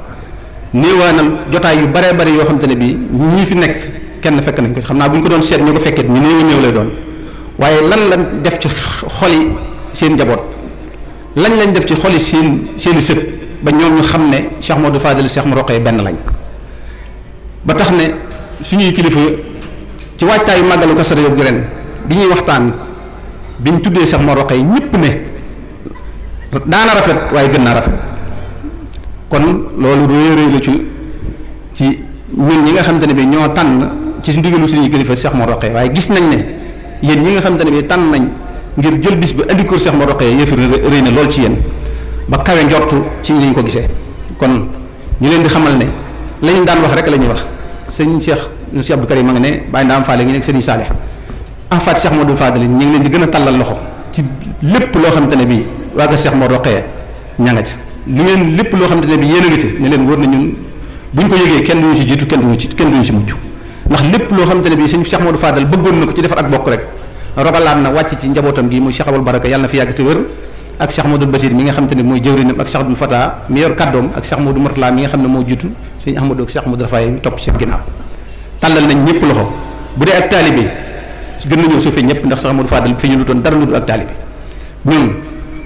néewaanal jotaay yu baree bari yoo xam ne bii ñii fi nekk kenn fekk nañ xam naa bu ñu ko doon seet ñu ko fekkee ñu néew néew lay doon waaye lan lañ def ci seen njaboot lañ lañ def ci xoli seen seen i sët ba ñoom xam ne Cheikh Modou Fadal Cheikh Modou Rokhaya benn lañ ba tax ne suñuy kilifa ci waajtaayu màggalu Kazu Rajab gi ren bi ñuy waxtaan bi ñu tuddee Cheikh Modou yi ñëpp ne. daana rafet waaye gën naa rafet kon loolu réy réy ci ci ñun ñi nga xamante ne bi ñoo tànn ci ndigalu suñuy kilifa Cheikh Mor Roqee waaye gis nañ ne yéen ñi nga xamante ne bi tànn nañ ngir jël bis bi andi ko Cheikh Mor Roqee yëfi rëy na lool ci yéen ba kawe njortu ci liñ ko gisee kon ñu leen di xamal ne lañu daan wax rek la ñuy wax sëñ Cheikh ñu Cheikh Abdou Karim ma nga ne bàyyi ndaam faale ngi nekk sëñ Saalix en fait Cheikh Modou Fadel ñu ngi leen di gën a tàllal loxo ci lépp loo xamante ne bii waa ga Cheikh Mor Roqee ña nga lu ngeen lépp loo xamante ne bi yéen a nga ci leen wóor na ñun bu ñu ko yëgee kenn duñu si jiitu kenn duñu ci kenn duñu si mujj ndax lépp loo xamante ne bi sëñ Cheikh Modou Fadal bëggoon na ko ci defar ak bokk rek rogalaat na wàcc ci njabootam gi muy Cheikh Abul Baraka fi yàgg te wér ak Cheikh Modou Basir nga xamante ne mooy jëwrinam ak Cheikh Abdou Fata mi yor kàddoom ak Cheikh Modou Martala mi nga xam ne moo jiitu sëñ Ahmadou ak Cheikh Modou Rafaay topp seen ginnaaw tàllal nañ ñëpp loxo bu dee ak taalibe gën nañoo suufee ñëpp ndax Cheikh Modou Fadal fi ñu lu dara lu dul ak taalibe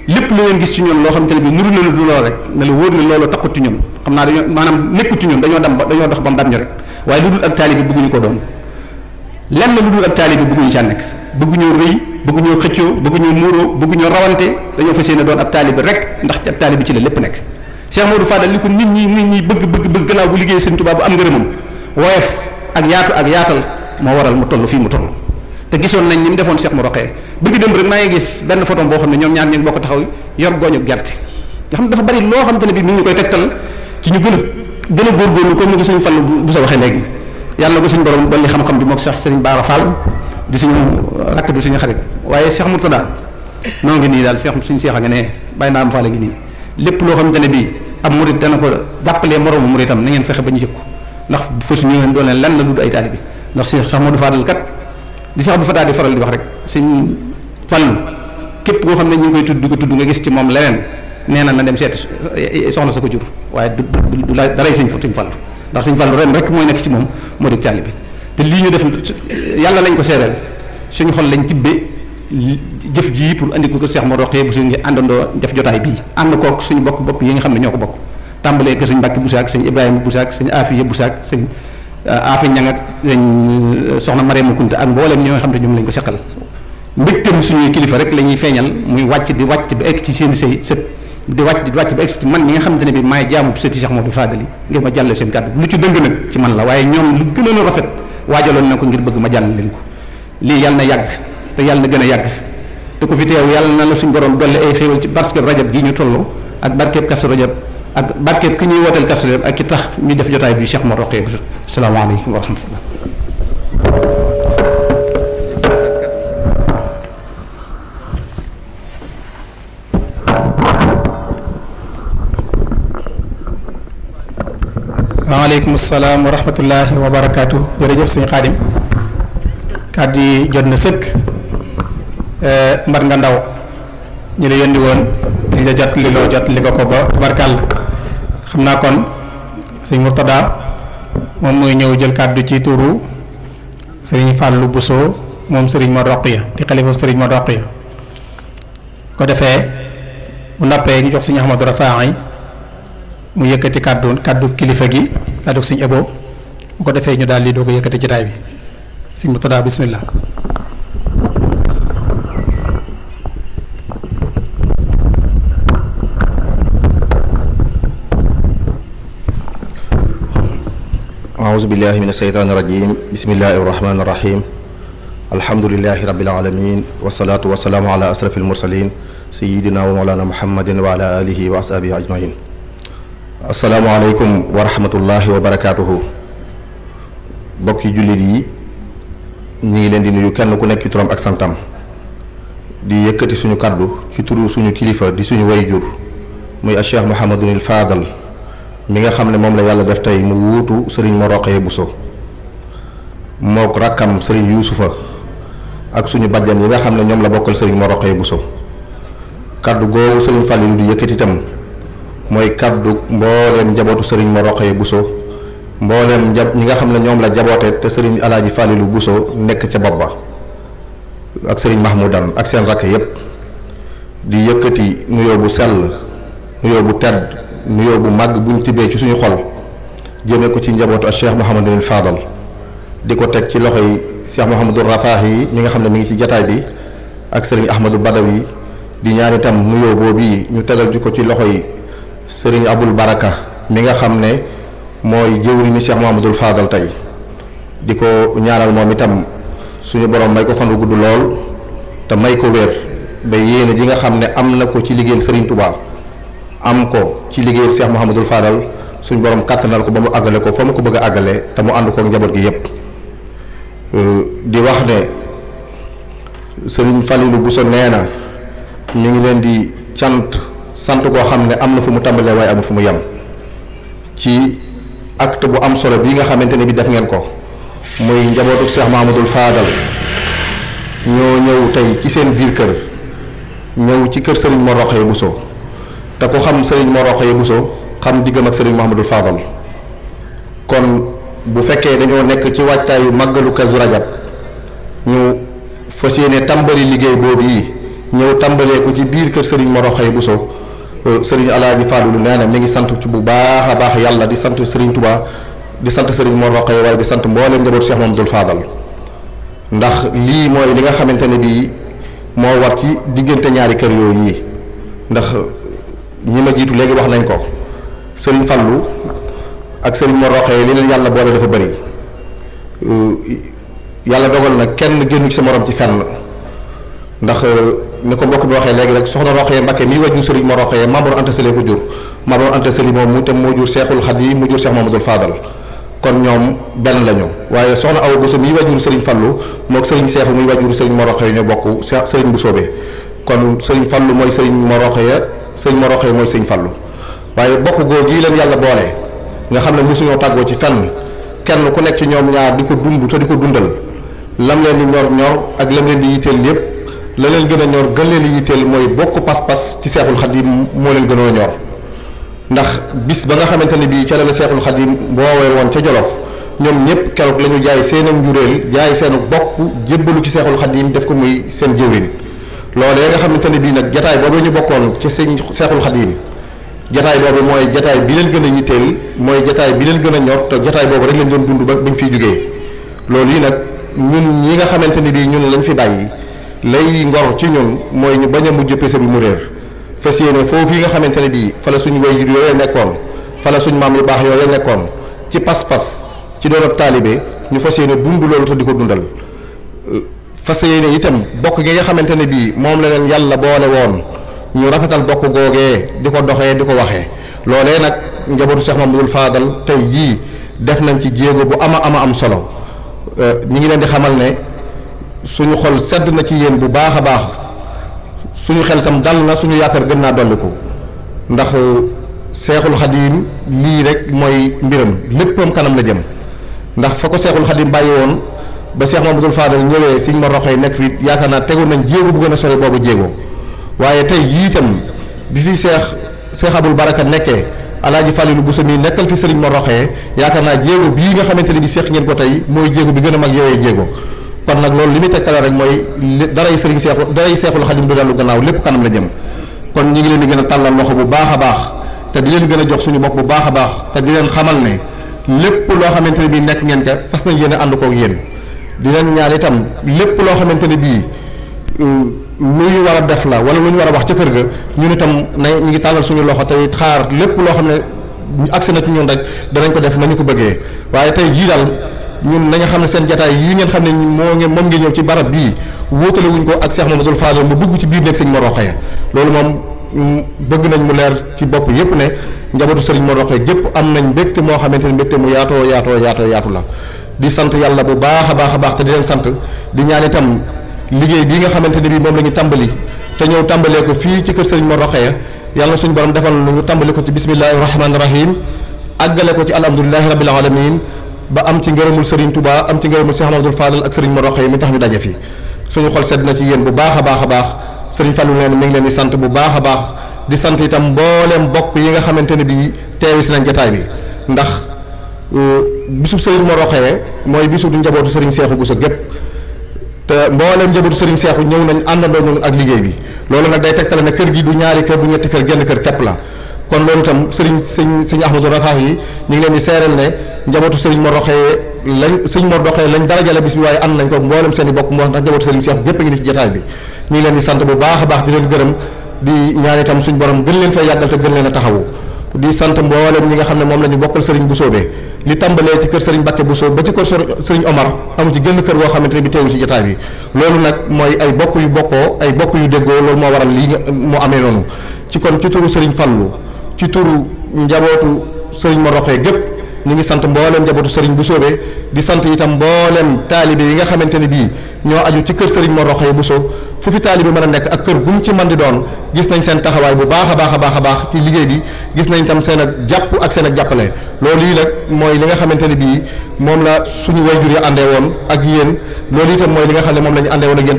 lépp lu ngeen gis ci ñun loo xam te ne bi nuru na lu du loolu rek na la wóor ne loolu taxut ci ñun xam naa dañoo maanaam nekkut ci dañoo dem ba dañoo dox ba mu dab ñu rek waaye lu dul ak taalibe bëgguñu ko doon lenn lu dul ak taalibe bëgguñu ca nekk bëgguñoo rëy bëgguñoo xëccoo bëgguñoo muuroo bëgguñoo rawante dañoo fas yéene doon ab taalibe rek ndax ab bi ci la lépp nekk Cheikh Modou Fadal li ko nit ñi nit ñi bëgg bëgg bëgg bu liggéey Sëriñ Tuubaa bu am ngërëmam woyof ak yaatu ak yaatal moo waral mu toll fii mu toll te gisoon ni mu defoon Cheikh mu roqee bëgg dem rek maa ngi gis benn photo boo xam ne ñoom ñaar ñu ngi bokk taxaw yor gooñu gerte nga xam dafa bari loo xam te ne bii mi ngi koy tegtal ci ñu gën a gën a góorgóorlu comme ni ko suñu fàll bu sa waxee léegi yàlla na ko suñu borom dolli xam-xam bi moog Cheikh Serigne Bara Fall di suñu rakk di suñu xarit waaye Cheikh Mourtada noo ngi nii daal Cheikh suñu Cheikh a nga ne bàyyi naa am faale ngi nii lépp loo xam te ne bii am murit dana ko jàppalee moroomu muritam na ngeen fexe ba ñu jëkku ndax fa suñu leen doon leen lan la dudd ay taalibe bi ndax Cheikh Modou Fadal kat di Cheikh bu fataa di faral di wax rek suñ fàllu képp koo xam ne ñu ngi koy tudd ko tudd nga gis ci moom leneen nee na na dem seet soxna sa ko jur waaye du du la daray sëñ suñ fàllu ndax suñ fal ren rek mooy nekk ci moom moo di taalibe bi te lii ñu def yàlla lañ ko seereel suñu xol lañ tibbee jëf jii pour andi ko Seex Mor Roqee bu suñu àndandoo def jotaay bii ànd kook suñu bokk bopp yi nga xam ne ñoo ko bokk tàmbalee kër sëñ Mbàkke Busaak sëñ Ibrahima Busaak sëñ Afiya Busaak sëñ euh, Afi Ñang ak sëñ euh, soxna Mariama Kunta ak mbooleem ñoo xam ne ñoom lañ ko seqal mbégteem suñuy kilifa rek la ñuy feeñal muy wàcc di wàcc ba egg ci seen sëy sët di wàcc di wàcc ba egg ci man mi nga xamante ne bi maay jaamu sëti Cheikh Modou Fadali ngir ma jàll seen kàddu lu ci dëng nag ci man la waaye ñoom lu gënoon a rafet waajaloon na ko ngir bëgg ma jàll leen ko lii yàlla na yàgg te yàlla na a yàgg te ku fi teew yàlla na la suñ borom dolli ci barkeb rajab gi ñu tolloo ak barkeb kasu ak barkeb ki ñuy wooteel kasu ak ki tax ñu def jotaay bi Cheikh Modou Rokhaya Bousso salaamaaleykum wa rahmatullah waaleykum salaam wa rahmatullahi wa barakaatu jërëjëf sëñ Xaadim kàddu yi jot na sëkk eh, mbar nga ndaw ñu la yëndi woon ñu la jot li loo jot li nga ko ba tabarkàll xam naa kon sëñ Murtada moom mooy ñëw jël kàddu ci turu sëriñ Fàllu Buso moom sëriñ Modou Rokhaya di xalifam sëriñ Modou Rokhaya ko defee bu noppee ñu jox sëñ Ahmadou Rafaay mu yëkkati kàddu kàddu kilifa gi kàddu sëñ Ebo bu ko defee ñu daal di doog a yëkkati jotaay bi sëñ Murtada bismillah أعوذ بالله من الشيطان الرجيم بسم الله الرحمن الرحيم الحمد لله رب العالمين والصلاة والسلام على أشرف المرسلين سيدنا ومولانا محمد وعلى آله وأصحابه أجمعين asalaamaaleykum wa rahmatullahi wa barakaatuhu bokki jullit yi ñu ngi leen di nuyu kenn ku nekk ci turam ak santam di yëkkati suñu kàddu ci turu suñu kilifa di suñu way wayjur muy a cheikh Mouhamadunil Fadal mi nga xam ne moom la yàlla def tey mu wuutu sëriñ Moroqee Bousso mook rakkam sëriñ Yuusufa ak suñu bàjjan yi nga xam ne ñoom la bokkal sëriñ Moroqee Bousso kàddu googu sëriñ Fàllilu di yëkkati mooy kaddu mbooleem njabootu sëriñ Mor Rokhaya Bousso mbooleem njab ñi nga xam ne ñoom la jaboote te sëriñ Alaaji Falilu Bousso nekk ca bopp ba ak sëriñ Mahmoudan ak seen rakk yépp di yëkkati nuyoo bu sell nuyoo bu tedd nuyoo bu màgg buñ tibbee ci suñu xol jëme ko ci njabootu ak Cheikh Mouhamadul Fadal di ko teg ci loxo yi Cheikh Mouhamadul Rafaax yi ñi nga xam ne mu ngi ci jataay bi ak sëriñ Ahmadou yi di ñaan itam nuyoo boobu ñu tegal ju ko ci loxo yi sëriñ Abul Baraka mi nga xam ne mooy jëwriñ ni Cheikh Mouhamadul Fadal tey di ko ñaanal moom itam suñu borom may ko fan gudd lool te may ko wér ba yéene ji nga xam ne am na ko ci liggéeyal sëriñ Touba am ko ci liggéeyal Cheikh Mouhamadul Fadal suñu borom kàttanal ko ba mu àggale ko fa mu ko bëgg a àggale te mu ànd ko ak njaboot gi yépp euh, di wax ne sëriñ Falilou Bousso nee na ñu ngi leen di cant. sant koo xam ne am na fu mu tàmbalee waaye amul fu mu yem ci acte bu am solo bii nga xamante ne bi def ngeen ko muy njabootu Cheikh Mahamadul Faadal ñoo ñëw tey ci seen biir kër ñëw ci kër Serigne Mor Rokhaya Bousso te ku xam Serigne Mor Rokhaya Bousso xam diggam ak Serigne Mahamadul Faadal kon bu fekkee dañoo nekk ci wàccaayu màggalu Kazu Rajab ñu fas yéene tàmbali liggéey boobu yi ñëw tàmbalee ko ci biir kër Serigne Mor Rokhaya Bousso Euh, sëriñ Alaaji Fadilu nee na mi ngi sant ci bu baax a baax yàlla di sant sëriñ Touba di sant sëriñ moo Mor Roqaye waaye di sant mbooleem njabootu Cheikh Mamadou Fadal ndax lii mooy li nga xamante ne bii moo war ci diggante ñaari kër yooyu yi ndax ñi ma jiitu léegi wax nañ ko sëriñ Fallu ak sëriñ Mor Roqaye li leen yàlla boole dafa bëri euh, yàlla dogal na kenn génnu ci sa morom ci fenn ndax. Euh, ni ko mbokk bi waxee léegi rek soxna Roxaya Mbakke mii wajju sëriñ ma Roxaya Mamour Anta Sali ko jur Mamour Anta Sali moom mu te moo jur Seexul Xadiim mu jur Seex Mamadul Faadal kon ñoom benn lañu waaye soxna Awa Bousso mii wajjuru sëriñ Fallu mook sëriñ Seexu muy wajjuru sëriñ ma Roxaya ñoo bokk sëriñ bu soobee kon sëriñ Fallu mooy sëriñ ma Roxaya sëriñ ma Roxaya mooy sëriñ Fallu waaye bokk góor gii leen yàlla boole nga xam ne mosuñoo tàggoo ci fenn kenn ku nekk ci ñoom ñaar di ko dund te di ko dundal lam leen di ñor ñor ak lam leen di yitteel yépp la leen gën a ñor gën leen yitteel mooy bokk pas-pas ci seexul xadim moo leen gënoo ñor ndax bis ba nga xamante ne bii ca la la seexul xadim woowee woon ca Jolof ñoom ñëpp keroog la ñu jaay seen ak njuréel jaay seen bokk jébbalu ci seexul xadim def ko muy seen jëwrin loolee nga xamante ne bii nag jataay boobu ñu bokkoon ci seen seexul xadim jataay boobu mooy jataay bi leen gën a yitteel mooy jataay bi leen gën a ñor te jataay boobu rek lañ doon dund ba bañ fiy jógee loolu yi nag ñun ñi nga xamante ne bii ñun lañ fi bàyyi lay ngor ci ñun mooy ñu bañ a mujj pese bi mu réer fas yéene foofu yi nga xamante ne bii fa la suñu wayjur yooyu nekkoon fa suñu maam yu baax yooyu nekkoon ci pas-pas ci doon ab taalibe ñu fas yéene bund loolu te di ko dundal euh, fas yéene itam bokk gi nga xamante ne bii moom la leen yàlla boole woon ñu rafetal bokk googee di ko doxee di ko waxee loolee nag njabootu Cheikh Mamadou Fadal tey jii def nañ ci jéego bu ama ama am solo euh, ñu ngi leen di xamal ne. suñu xol sedd na ci yéen bu baax a baax suñu xel tam dal na suñu yaakaar gën naa dolliku ndax euh, seexul xadim lii rek mooy mbiram léppam kanam la jëm ndax fa ko seexul xadim bàyyi woon ba seex Mamadul Faadal ñëwee siñ ma roxee nekk fi yaakaar naa tegu nañ jéego bu gën a sori boobu jéego waaye tey jii itam bi fi seex seex abul baraka nekkee alaaji Falilu Bousso mii nekkal fi sëriñ ma yaakaar naa jéego bii nga xamante ne bi seex ngeen ko tey mooy jéego bi gën a mag yooyee jéego kon nag loolu li muy tegtale rek mooy daray sëriñ seexu daray seexul xadim du dellu gannaaw lépp kanam la jëm kon ñi ngi leen di gën a tàllal loxo bu baax a baax te di leen gën a jox suñu bopp bu baax a baax te di leen xamal ne lépp loo xamante ne bii nekk ngeen ka fas nañ yéen a ànd koog yéen di leen ñaan itam lépp loo xamante ne bii euh, lu ñu war def la wala lu ñu war a wax ca kër ga ñun itam na ñu ngi tàllal suñu loxo tey xaar lépp loo xam ne agsi na ci ñun rek danañ ko def nañu ko bëggee waaye tey jii daal ñun nañu xam ne seen jataay yii ngeen xam ne moo ngeen moom ngeen ñëw ci barab bii wóotale wuñ ko ak Cheikh Mamadou Fadal mu dugg ci biir nekk sëñ Mor Rokhaya loolu moom mm, bëgg nañ mu leer ci bopp yépp ne njabootu sëriñ Mor Rokhaya gépp am nañ mbégte moo xamante ne mbégte mu yaatoo yaatoo yaatoo yaatu la di sant yàlla bu baax a baax a baax te di leen sant di ñaan itam liggéey bii nga xamante ne bii moom la ñu tàmbali te ñëw tàmbalee ko fii ci kër sëriñ Mor Rokhaya yàlla na suñu borom defal lu ñu tàmbali ko ci bismillahi rahmaani rahim àggale ko ci alhamdulilahi rabbil alamin ba am ci ngërëmul Serigne Touba am ci ngërëmul Cheikh Amadou Fadal ak Serigne Moroxe yi mi tax ñu daje fi suñu xol sedd na ci yéen bu baax a baax a baax Serigne Fallou leen mi ngi leen di sant bu baax a baax di sant itam mbooleem bokk yi nga xamante ne bii teewi si nañ jotaay bi ndax euh, bisub Serigne Moroxe mooy bisu du njabootu Serigne Cheikhou Bousso gépp te mbooleem njabootu sëriñ Cheikhou ñëw nañ àndandoo ñun ak liggéey bi loolu nag day tegtale ne kër gi du ñaari kër du ñetti kër genn kër képp la kon loolu itam sëriñ sëñ sëñ Ahmadou Rafaah yi ñu ngi leen di seeral ne njabootu sëriñ Mor Roxee lañ sëñ Mor Roxee lañ darajale bis bi waaye ànd nañ ko mboolem seeni bokk moo tax njabootu sëriñ Cheikh gépp a ngi ci jotaay leen di sant baax baax di leen gërëm di ñaan itam suñ borom gën leen fay yàggal te gën leen a taxawu di sant mboolem ñi nga xam ne moom la ñu bokkal sëriñ bu soobee li tàmbalee ci kër sëriñ Bakke bu soob ba ci kër sëriñ Omar gënn kër goo xamante ne bi teewul ci jotaay bi loolu nag mooy ay bokk yu bokkoo ay bokk yu déggoo loolu moo waral lii moo amee noonu ci kon ci turu sëriñ Fallu ci turu njabootu Serigne ma roqee gépp ñu ngi sant mbooleem njabootu sëriñ bu soobee di sant itam mbooleem taalibe yi nga xamante ne bii ñoo aju ci kër Serigne ma roqee bu soo fu fi taalibe mën a nekk ak kër gum ci man di doon gis nañ seen taxawaay bu baax a baax a baax baax ci liggéey bi gis nañ tam seen ak jàpp ak seen ak jàppale loolu yi nag mooy li nga xamante ne bii moom la suñu wayjur yi àndee woon ak yéen loolu itam mooy li nga xam ne moom la ñu àndee woon ak yéen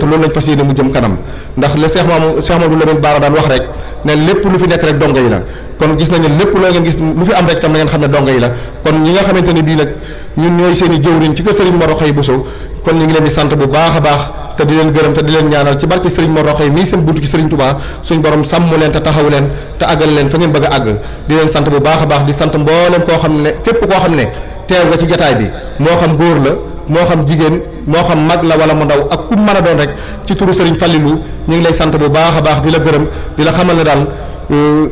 te mu jëm kanam ndax le Cheikh Mamadou Cheikh Mamadou Lamine Bara daan wax rek ne lépp lu fi nekk rek dongo yi la kon gis nañu lépp loo ngeen gis lu fi am rek tam na ngeen xam ne donga yi la kon ñi nga xamante ne bii nag ñun ñooy seen i jëwriñ ci kër Serigne yi bu Bousso kon ñu ngi leen di sant bu baax a baax te di leen gërëm te di leen ñaanal ci barke Serigne Mor Rokhaya mii seen buntu ci Serigne Touba suñ borom sàmm leen te taxaw leen te leen fa ngeen bëgg a àgg leen sant bu baax baax di sant mboolem koo xam ne képp koo xam ne teew nga ci jataay bi moo xam góor la moo xam jigéen moo xam mag la wala mu ndaw ak ku mën a doon rek ci turu Serigne Fallilou ñu ngi lay sant bu baax a baax di la gërëm di la xamal na daal euh,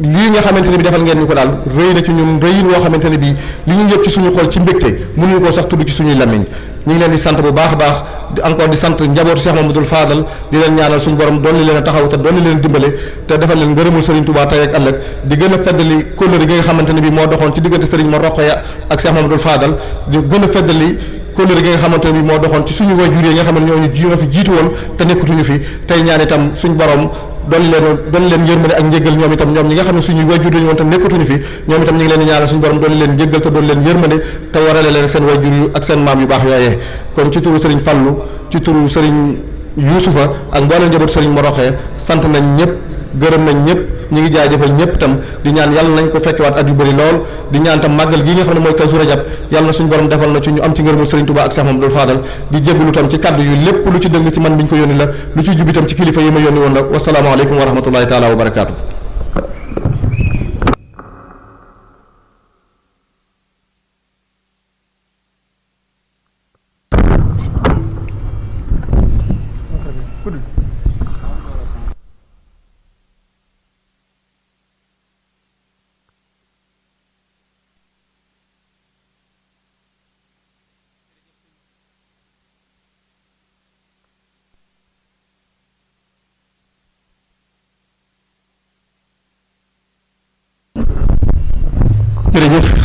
lii nga xamante ne bi defal ngeen ñu ko daal rëy na ci ñun rëyin woo xamante ne bi li ñu yëg ci suñu xol ci mbégte mënuñu koo sax tudd ci suñuy lamiñ ñu ngi leen di sant bu baax a baax di encore di sant njabootu Cheikh Mamadou Fadal di leen ñaanal suñu borom dolli leen a taxaw te dolli leen dimbale te defal leen ngërëmul Serigne Touba tey ak ëllëg di gën a feddali kóllëre gi ne bi moo doxoon ci diggante Serigne ma Roqoya ak Cheikh Mamadou Fadal di gën a feddali kóllëre gi nga xamante ne bi moo doxoon ci suñu wajur yi nga xam ne ñooñu ñoo fi jiitu woon te ñu fi tey ñaan itam suñu borom doon leen doon leen yërmande ak njëggal ñoom itam ñoom ñi nga xam ne suñuy wajjur lañu woon te nekkatuñu fi ñoom itam ñu ngi leen di ñaanal suñu borom doon leen njëggal te doon leen yërmande te warale leen seen wajjur yu ak seen maam yu baax yooyee kon ci turu sëriñ Fallu ci turu sëriñ Yuusufa ak mbooleen njaboot sëriñ Moroxee sant nañ ñëpp gërëm nañ ñëpp ñu ngi jaajëfal ñëpp tam di ñaan yàlla nañ ko fekkewaat at yu bëri lool di ñaan tam màggal gi nga xam ne mooy Kazu Rajab yàlla na suñu borom defal na ci ñu am ci ngërëmul Serigne Touba ak Cheikh Mamadou Fadal di jégalu tam ci kàddu yu lépp lu ci dëng ci man mi ñu ko yónni la lu ci jub itam ci kilifa yi ma yónni woon la wasalaamaaleykum wa rahmatullahi taala wa barakaatu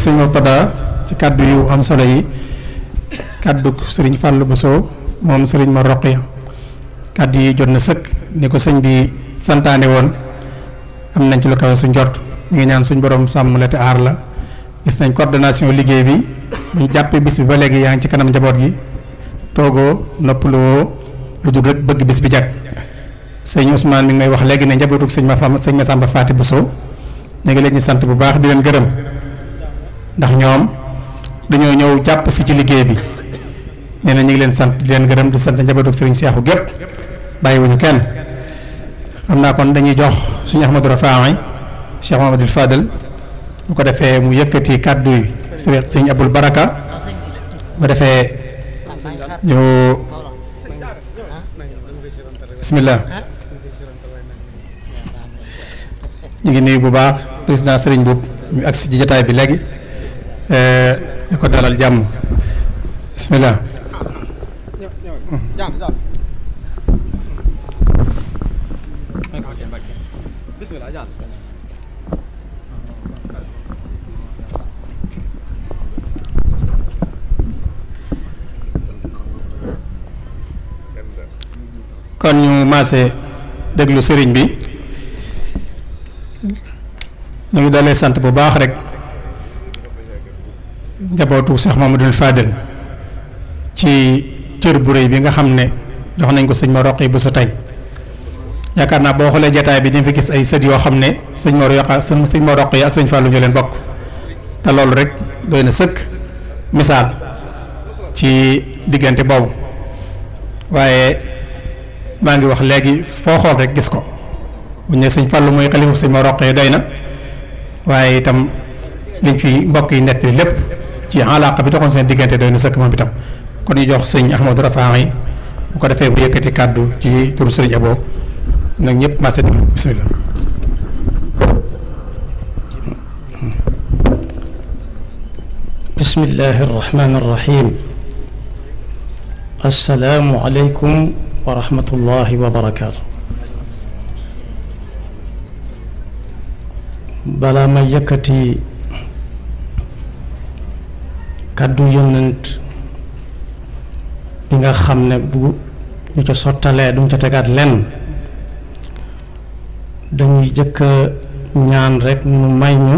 sëñ Murtada ci kàddu yu am solo yi kàddu sëriñ bu Bousso moom sëriñ ma roqiya kàddu yi jot na sëkk ni ko sëñ bi santaane woon am nañ ci lu kawe suñ jot ñu ngi ñaan suñ borom sàmm la te aar la gis nañ coordination liggéey bi buñ jàppee bis bi ba léegi yaa ngi ci kanam njaboot gi toogoo noppaluwoo lu dul rek bëgg bis bi jag sëñ Ousmane mi ngi may wax léegi ne njabootu sëñ ma fam sëñ ma Samba Faati Bousso ñu ngi leen di sant bu baax di leen gërëm ndax ñoom dañoo ñëw jàpp si ci liggéey bi nee ñu ngi leen sant di leen gërëm di sant njabootu sëriñ Seexu gépp bàyyi wuñu kenn xam naa kon dañuy jox suñu Ahmadou Rafaay Cheikh Mahamadul Fadal bu ko defee mu yëkkati kàddu yi sëriñ abul Baraka bu ko defee ñu bismillah ñu ngi nuyu bu baax président sëriñ Boub ñu agsi ci jataay bi léegi Eh, di ko dalal jàmm bisimilah. kon ñu maase déglu sëriñ bi ñu ngi dalee sant bu baax rek. njabootu moom ma Mamadou Fadel ci cër bu rëy bi nga xam ne dox nañ ko sëñ ma roq yi bu sa tey yaakaar naa boo xoolee jataay bi dañ fi gis ay sët yoo xam ne sëñ ma roq sëñ ma roq yi ak sëñ Fallou ñu bokk te loolu rek doy na sëkk misaal ci diggante boobu waaye maa ngi wax léegi foo rek gis ko bu sëñ Fallou mooy xalifu sëñ ma roq yi doy na waaye itam liñ fi mbokk yi nettali lépp ci alaaka bi doxoon seen diggante doy na sëkk moom itam kon jox sëñ Ahmadou Rafahi bu ko defee mu yëkkati kàddu ci turu sëriñ Abo nag ñëpp marché di bismillah bismillahi arrahmani arrahim aleykum wa wa barakaatu balaa ma yëkkati kàddu yonent bi nga xam ne bu ñu ca sottalee duñ ca tegaat lenn dañuy jëkk ñaan rekk mu may ñu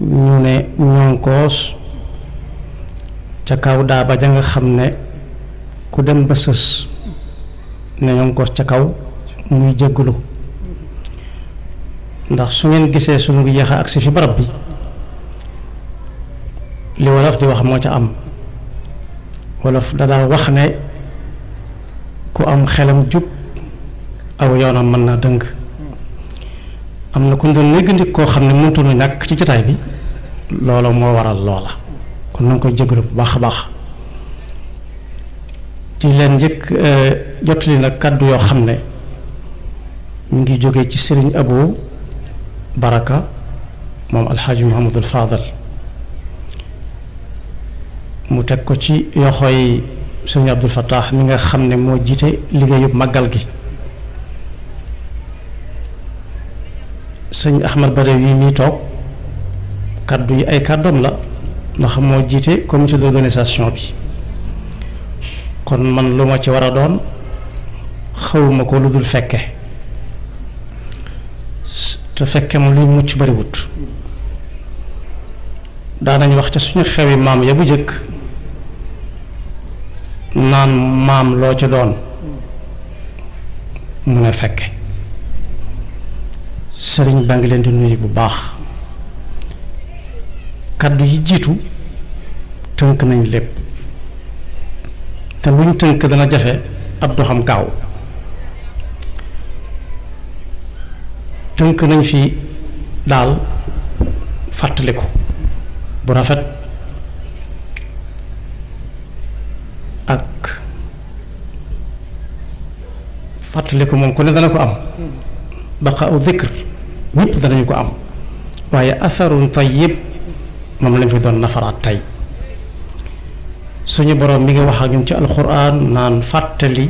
ñu ne ñonkoos ca kaw daaba ja nga xam ne ku dem ba sës ne ñonkoos ca kaw muy jéggulu ndax su ngeen gisee suñu yéex a agsi fi barab bi li wolof di wax moo ca am wolof da daa wax ne ku am xelam jub aw yoonam mën naa dëng am na ku ñu doon néggandik koo xam ne mëntuñu ñàkk ci jataay bi loola moo waral loola kon na nga koy jégalu bu baax a baax di leen njëkk euh, jottali nag kàddu yoo xam ne mu ngi jóge ci sëriñ Abo Baraka moom alxaaji Muhammadul Faadal mu teg ko ci yoxoy sëñ Abdul Fattah mi nga xam ne moo jiite liggéeyu màggal gi sëñ Ahmad Badawi yi muy toog kaddu yi ay kàddoom la ndax moo jiite comité d'organisation bi kon man lu ma ci war a doon xawuma ko lu dul fekke te fekke moom luy mucc bariwut daanañ wax ca suñu xewi maam ya bu jëkk naan maam loo ci doon mu ne fekke sëriñ ba ngi leen di nuyu bu baax kaddu yi jiitu tënk nañ lépp te luñ tënk dana jafe ab doxam gaaw tënk nañ fi daal fàttaliku bu rafet ak fàttali ko moom ku ne dana ko am baqa u zikr ñëpp danañu ko am waaye tay tayyib moom lañ fi doon nafaraat tey suñu boroom bi nga wax ak ñun ci alquran naan fàttali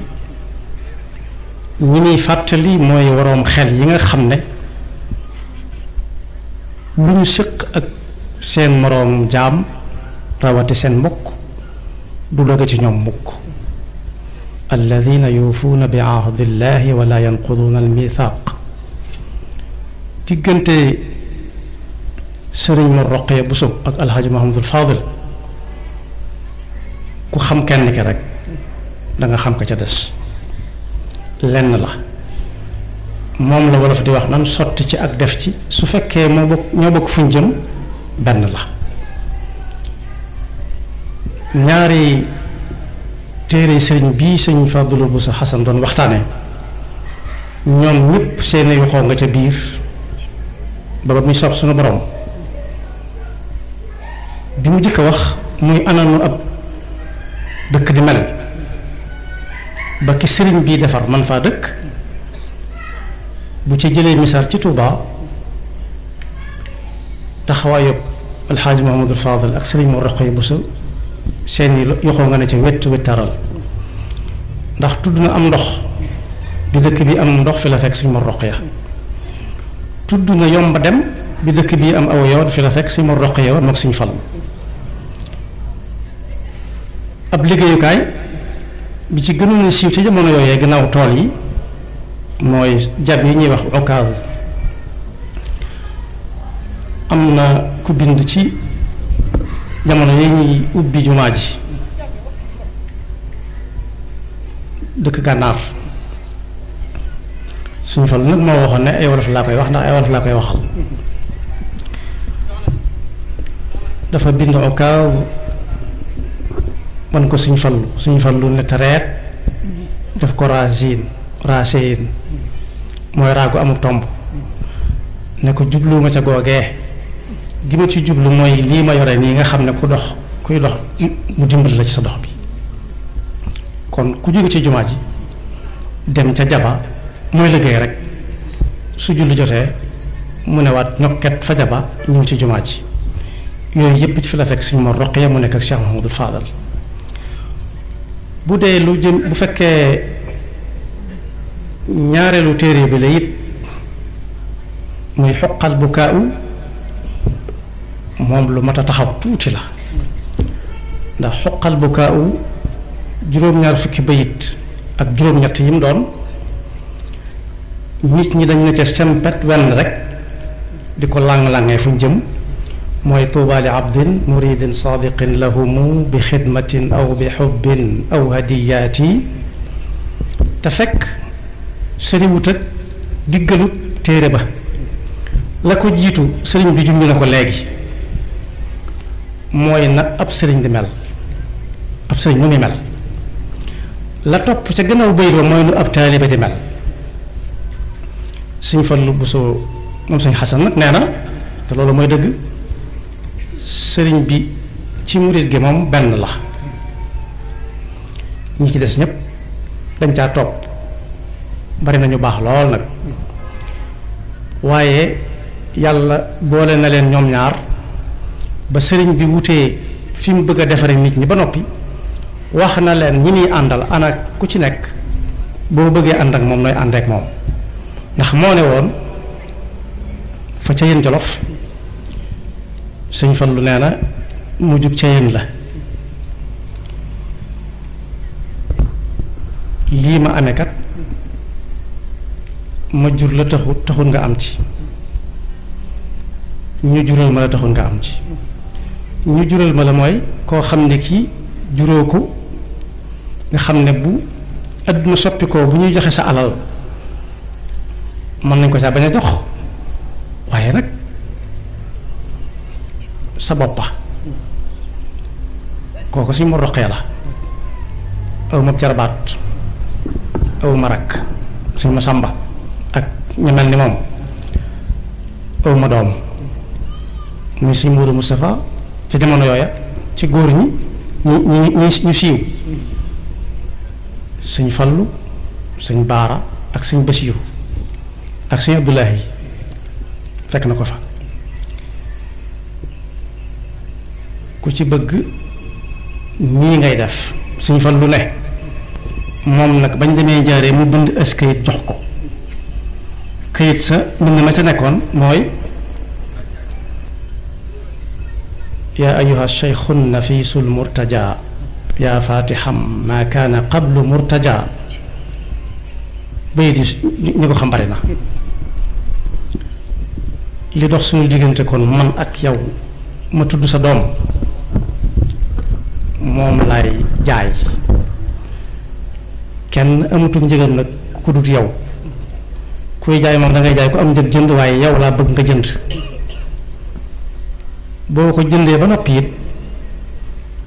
ñi muy fàttali mooy waroom xel yi nga xam ne lu ñu sëq ak seen moroom jaam rawati seen mbokk du daga ci ñoom mukk alladina yuufuuna bi ahdillahi wala yanquduuna almithaq diggante sëriñ ma roqee bu sob ak alxaaji mahamadul fadil ku xam kenn ki rek danga xam ko ca des lenn la moom la wolof di wax nan sotti ci ak def ci su fekkee moo bokk ñoo bokk fuñ jëm benn la ñaari téere sëriñ bii sëñ Fadlu bu sa xasan doon waxtaanee ñoom ñëpp seeni waxoo nga ca biir ba ba muy soob suñu borom bi mu jëkk a wax muy ananu ab dëkk di mel ba ki sëriñ bii defar man faa dëkk bu ci jëlee misaal ci Touba taxawaayu alxaaji Mahamadul Fadal ak sëriñ moo roqo yi bu seen yi yoxoo nga ne ca wet wettaral ndax tudd na am ndox bi dëkk bi am ndox fi la fekk suñ ma roq ya tudd na yomba dem bi dëkk bii am aw yoon fi la fekk suñ ma roq ya woon mook suñ fal ab liggéeyukaay bi ci gënoon a siiw ci jamono yooyee gannaaw tool yi mooy jab yi ñuy wax okaas am na ku bind ci jamono yi ñuy ubbi jumaa ji dëkk gànnaar suñu fal nag moo waxoon ne ay wolof laa koy wax ndax ay wolof laa koy waxal dafa bind okaaw wan ko suñu fallu suñu fallu ne tereet def ko racine racine mooy raagu amul tomb ne ko jubluwuma ca googee di ma ci jublu mooy lii ma yore nii nga xam ne ku dox kuy dox mu dimbali la ci sa dox bi kon ku jóge ci jumaa ji dem ca jaba mooy liggéey rek su julli jotee mu ne waat ñokket fa jaba ñëw ci jumaa ji yooyu yëpp ci fi la fekk suñu ma roqee mu nekk ak Cheikh Mouhamadou Fadal bu dee lu jëm bu fekkee ñaareelu téere bi la it muy xoqal bu kaa moom lu mat a taxaw tuuti la ndax xoqal bukaawu juróom-ñaar fukki bayit ak juróom-ñett yi mu doon nit ñi dañ ne ca sempet wenn rek di ko làng-làngee fu jëm mooy tuubaa li abdin muridin saadiqin lahumu bi xidmatin aw bi xubbin aw hadiyaati te fekk sëriwut ak diggalut téere ba la ko jiitu sëriñ bi junj na ko léegi mooy nag ab sëriñ di mel ab sëriñ mu ni mel la topp ca gannaaw béy ba mooy nu ab taalibe di mel sëñ Fallu Buso moom sëñ Xasan nag nee na te loolu mooy dëgg sëriñ bi ci murit gi moom benn la ñi ci des ñëpp dañ caa topp bari nañu baax lool nag waaye yàlla boole na leen ñoom ñaar ba sëriñ bi wutee fi mu bëgg a nit ñi ba noppi wax na leen ñi ñuy àndal ana ku ci nekk boo bëggee ànd ak moom nooy ànd ak moom ndax moo ne woon fa ca yéen jolof sëñ lu nee na mu jug ca la lii ma amee ma jur la taxut taxut nga am ci ñu jural ma la taxut nga am ci ñu jural ma la mooy koo xam ne kii juróo ko nga xam ne bu àdduna soppi ko bu ñuy joxe sa alal mën nañ ko saa ba a jox waaye nag sa boppa kooku si mu roqee la aw ma jarabaat aw ma rakk si ma sàmba ak ñu mel ni moom aw ma doom muy si Mourou Moustapha ca jamono yooya ci góor ñi ñu ñu ñu siiw sëñ Fallu sëñ Baara ak suñu Basiiru ak sëñ Abdullahi fekk na ko fa ku ci bëgg nii ngay def sëñ Fallu ne moom nag bañ demee njaaree mu dund as kayit jox ko kayit sa mbind ma ca nekkoon mooy yaa ayuha sheykhul nafiisul murtajaa yaa faatiham maa kaana qablu murtajaa bayit yi ñi ko xam bari na li dox suñu diggante kon man ak yow ma tudd sa doom moom lay jaay kenn amatul njëgam nag ku dut yow kuy jaay moom dangay jaay ku am njëg jënd waaye yow laa bëgg nga jënd boo ko jëndee ba noppi it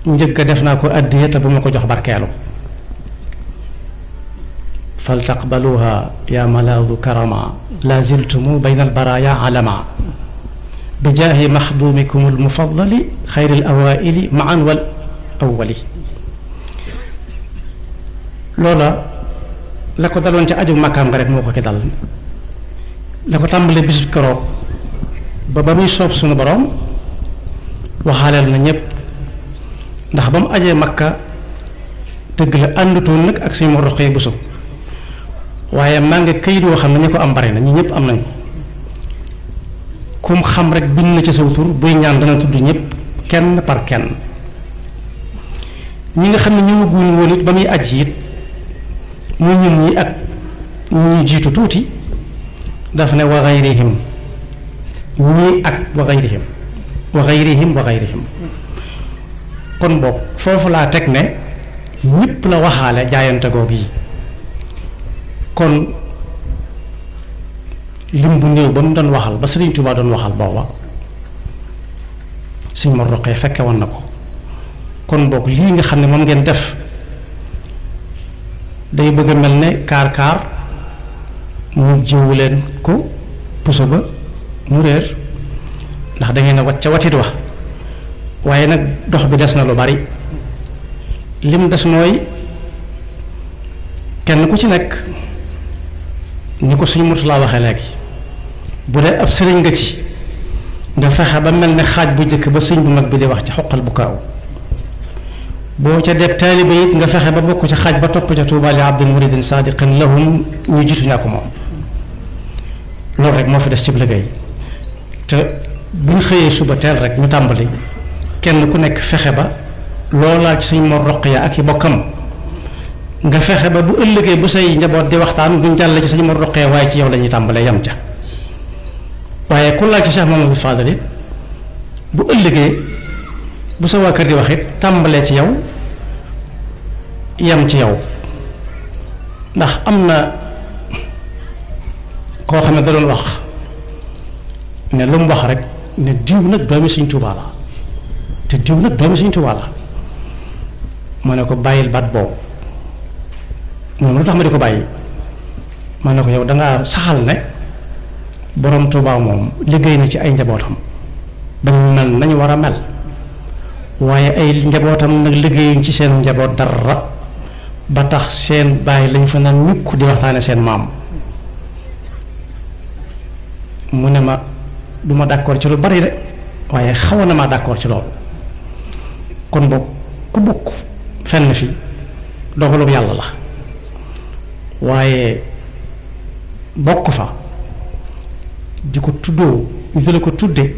njëg def naa ko àddiya bu ma ko jox barkeelu faltaqbaluha ya malaadu karama la ziltumu bayna albaraya alama bi jaahi maxdumikum almufadali xayri alawaili maan wal awali loola la ko daloon ca aju makkaam nga rek moo ko ki dal la ko tàmbalee bisu keroog ba ba muy soob sunu boroom waxaaleel na ñëpp ndax ba mu ajee makka dëgg la àndutoon nag ak suñu ma roqee bu sub waaye maa ngi këyit yoo xam ne ñu ko am bari na ñi ñëpp am nañ kum xam rek bind na ci saw tur buy ñaan dana tudd ñëpp kenn par kenn ñi nga xam ne ñëwaguñu woon it ba muy aj it muy ñun ñi ak ñi jiitu tuuti dafa ne wa gayrihim ñii ak wa gayrihim wa xayrihim wa xayrihim kon boog foofu laa teg ne ñëpp la waxaale jaayante googu yi kon lim bu néew ba mu doon waxal ba Sëriñ Tuubaa doon waxal booba suñ ma roqee fekke woon na ko kon boog lii nga xam ne moom ngeen def day bëgg a mel ne kaar kaar mu jiwu leen ko puso ba mu réer ndax da ngeen a wat ca watit wa waaye nag dox bi des na lu bari lim des mooy kenn ku ci nekk ni ko suñu murtulaa waxee léegi bu dee ab sëriñ nga ci nga fexe ba mel ne xaaj bu njëkk ba sëñ bu mag bi di wax ci xoqal bu kaaw boo ca deb taaliba it nga fexe ba bokk ca xaaj ba topp ca Tuubaa li abdin muridin sadiqin lahum wu jiitu ñaa ko moom loolu rek moo fi des cib liggéey te buñ xëyee suba teel rek ñu tàmbali kenn ku nekk fexe ba loo laal ci suñ mor roq ya ak yi bokkam nga fexe ba bu ëllëgee bu say njaboot di waxtaan buñ jàll ci sañ mor roq ya waaye ci yow la ñuy tàmbalee yam ca waaye ku laal ci Cheikh Mamadou Fadal it bu ëllëgee bu sa waa kër di wax tàmbalee ci yow yam ci yow ndax am na koo xam ne da doon wax ne lu mu wax rek. ne diw nag doomi Sëñ Tuubaa la te diw nag doomi Sëñ Tuubaa la ma ne ko bàyyil baat boobu moom lu tax ma di ko bàyyi ma ne ko yow dangaa saxal ne boroom Tuubaa moom liggéey na ci ay njabootam dañu mel nañu war waaye ay njabootam nag liggéeyuñ ci seen njaboot dara ba tax seen bàyyi lañ fa naan ñukk di waxtaane seen maam mu ne ma du ma d'accord ci lu bari waaye xawoon na maa d'accord ci loolu kon boog ku bokk fenn fi dogalub yàlla la waaye bokk fa di ko tuddoo ñu di la ko tudde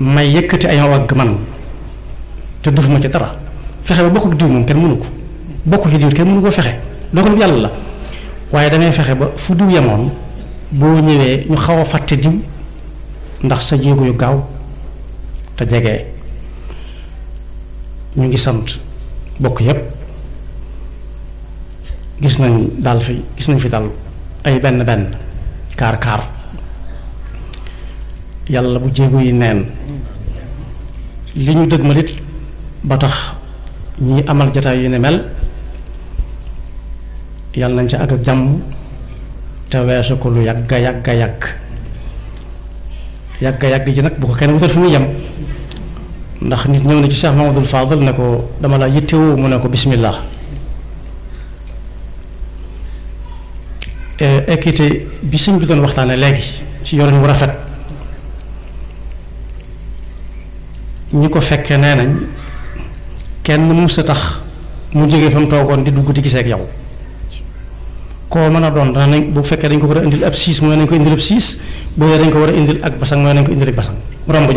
may yëkkati ay wagg man te dufuma ci dara fexe ba bokk ak diw moom kenn mënu ko bokk ci diw kenn mënu ko fexe dogalub yàlla la waaye damay fexe ba fu diw yemoon boo ñëwee ñu xaw a fàtte diw ndax sa jéego yu gaaw te jege ñu ngi sant bokk yépp gis nañ daal fi gis nañ fi dal ay benn benn kaar kaar yàlla bu jéego yi neen li ñu dëgg ba tax ñi amal jataay yu ne mel yàlla nañ ca ak ak jàmm te weesu ko lu yàgga yàgga yàgg yàgg ji nag bu ko kenn wutal fu muy yem ndax nit ñëw na ci Cheikh Mamadou Fadal ne ko dama la yittewoo mu ne ko bismillah équité eh, bi sëñ bi doon waxtaane léegi ci yorin bu rafet ñi ko fekkee nee nañ kenn mu sa tax mu jógee fa mu toogoon di dugg di gisee ak yow koo mën a doon a nañ bu fekkee dañ ko war a indil ab siis mooy nañ ko indil ab siis bu dee dañ ko war a indil ak basang mooy nañ ko indil ak basang romb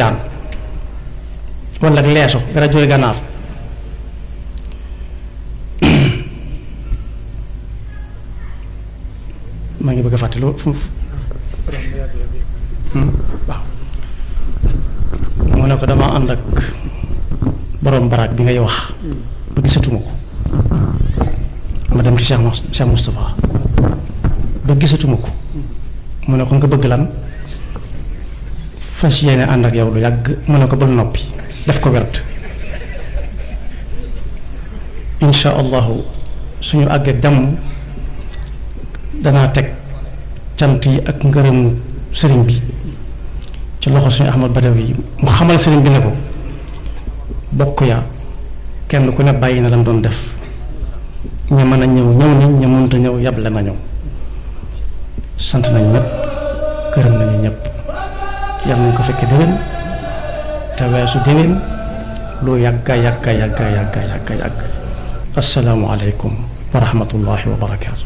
leeso dara jóge ngi bëgg a fàttali fu hmm? waaw ne ko damaa ànd ak borom baraag bi ngay wax ba gisatuma ko ma dem ci Cheikh Cheikh Moustapha ba gisatuma ko mu ne ko nga bëgg lan fas yéene ànd ak yow lu yàgg mu ne ko bul noppi def ko werd insha allahu suñu àggee jàmm danaa teg cant yi ak ngërëmu sëriñ bi ci loxo suñu Ahmad Badawi yi mu xamal sëriñ bi ne ko bokk yaa kenn ku ne bàyyi na lam doon def ña mën a ñëw ñëw nañ ña mënta ñëw yable nañu sant nañ ñëpp gërëm nañu ñëpp yal nañ ko fekke déwén te weesu déwén lu yàgga yàgga yàgga yàgga yàgga yàgg asalaamualeykum wa rahmatullahi wa barakaatu.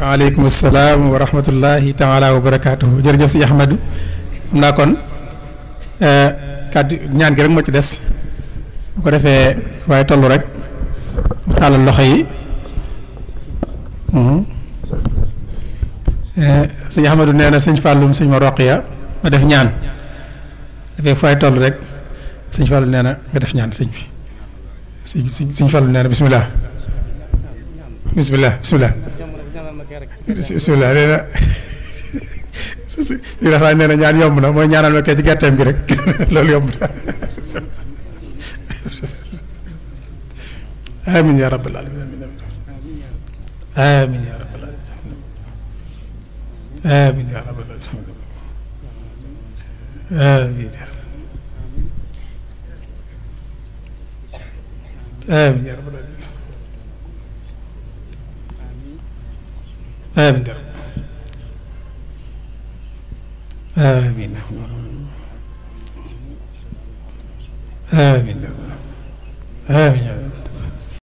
waaleykum salaam wa rahmatullahi taala wa barakaatu jërëjëf si Ahmadu am naa kon eh, kàddu ñaan gi rek moo ci des bu ko defee waaye tollu rek. tàllal loxo yi hmm. eh, sëñ Ahmadou nee na sëñ Fallum ma roq ya ma def ñaan dafay fay toll rek sëñ Fallou nee na nga def ñaan sëñ bi sëñ sëñ sëñ Fallou nee na bisimilah bisimilah bisimilah bisimilah nee na si si na ñaan yomb na mooy ñaanal ma kay ci gerteem gi rek loolu yomb na. amiin yaa rabbal aalamiin amiin yaa rabbal aalamiin amiin yaa rabbal aalamiin amiin yaa rabbal aalamiin amiin amiin amiin amiin amiin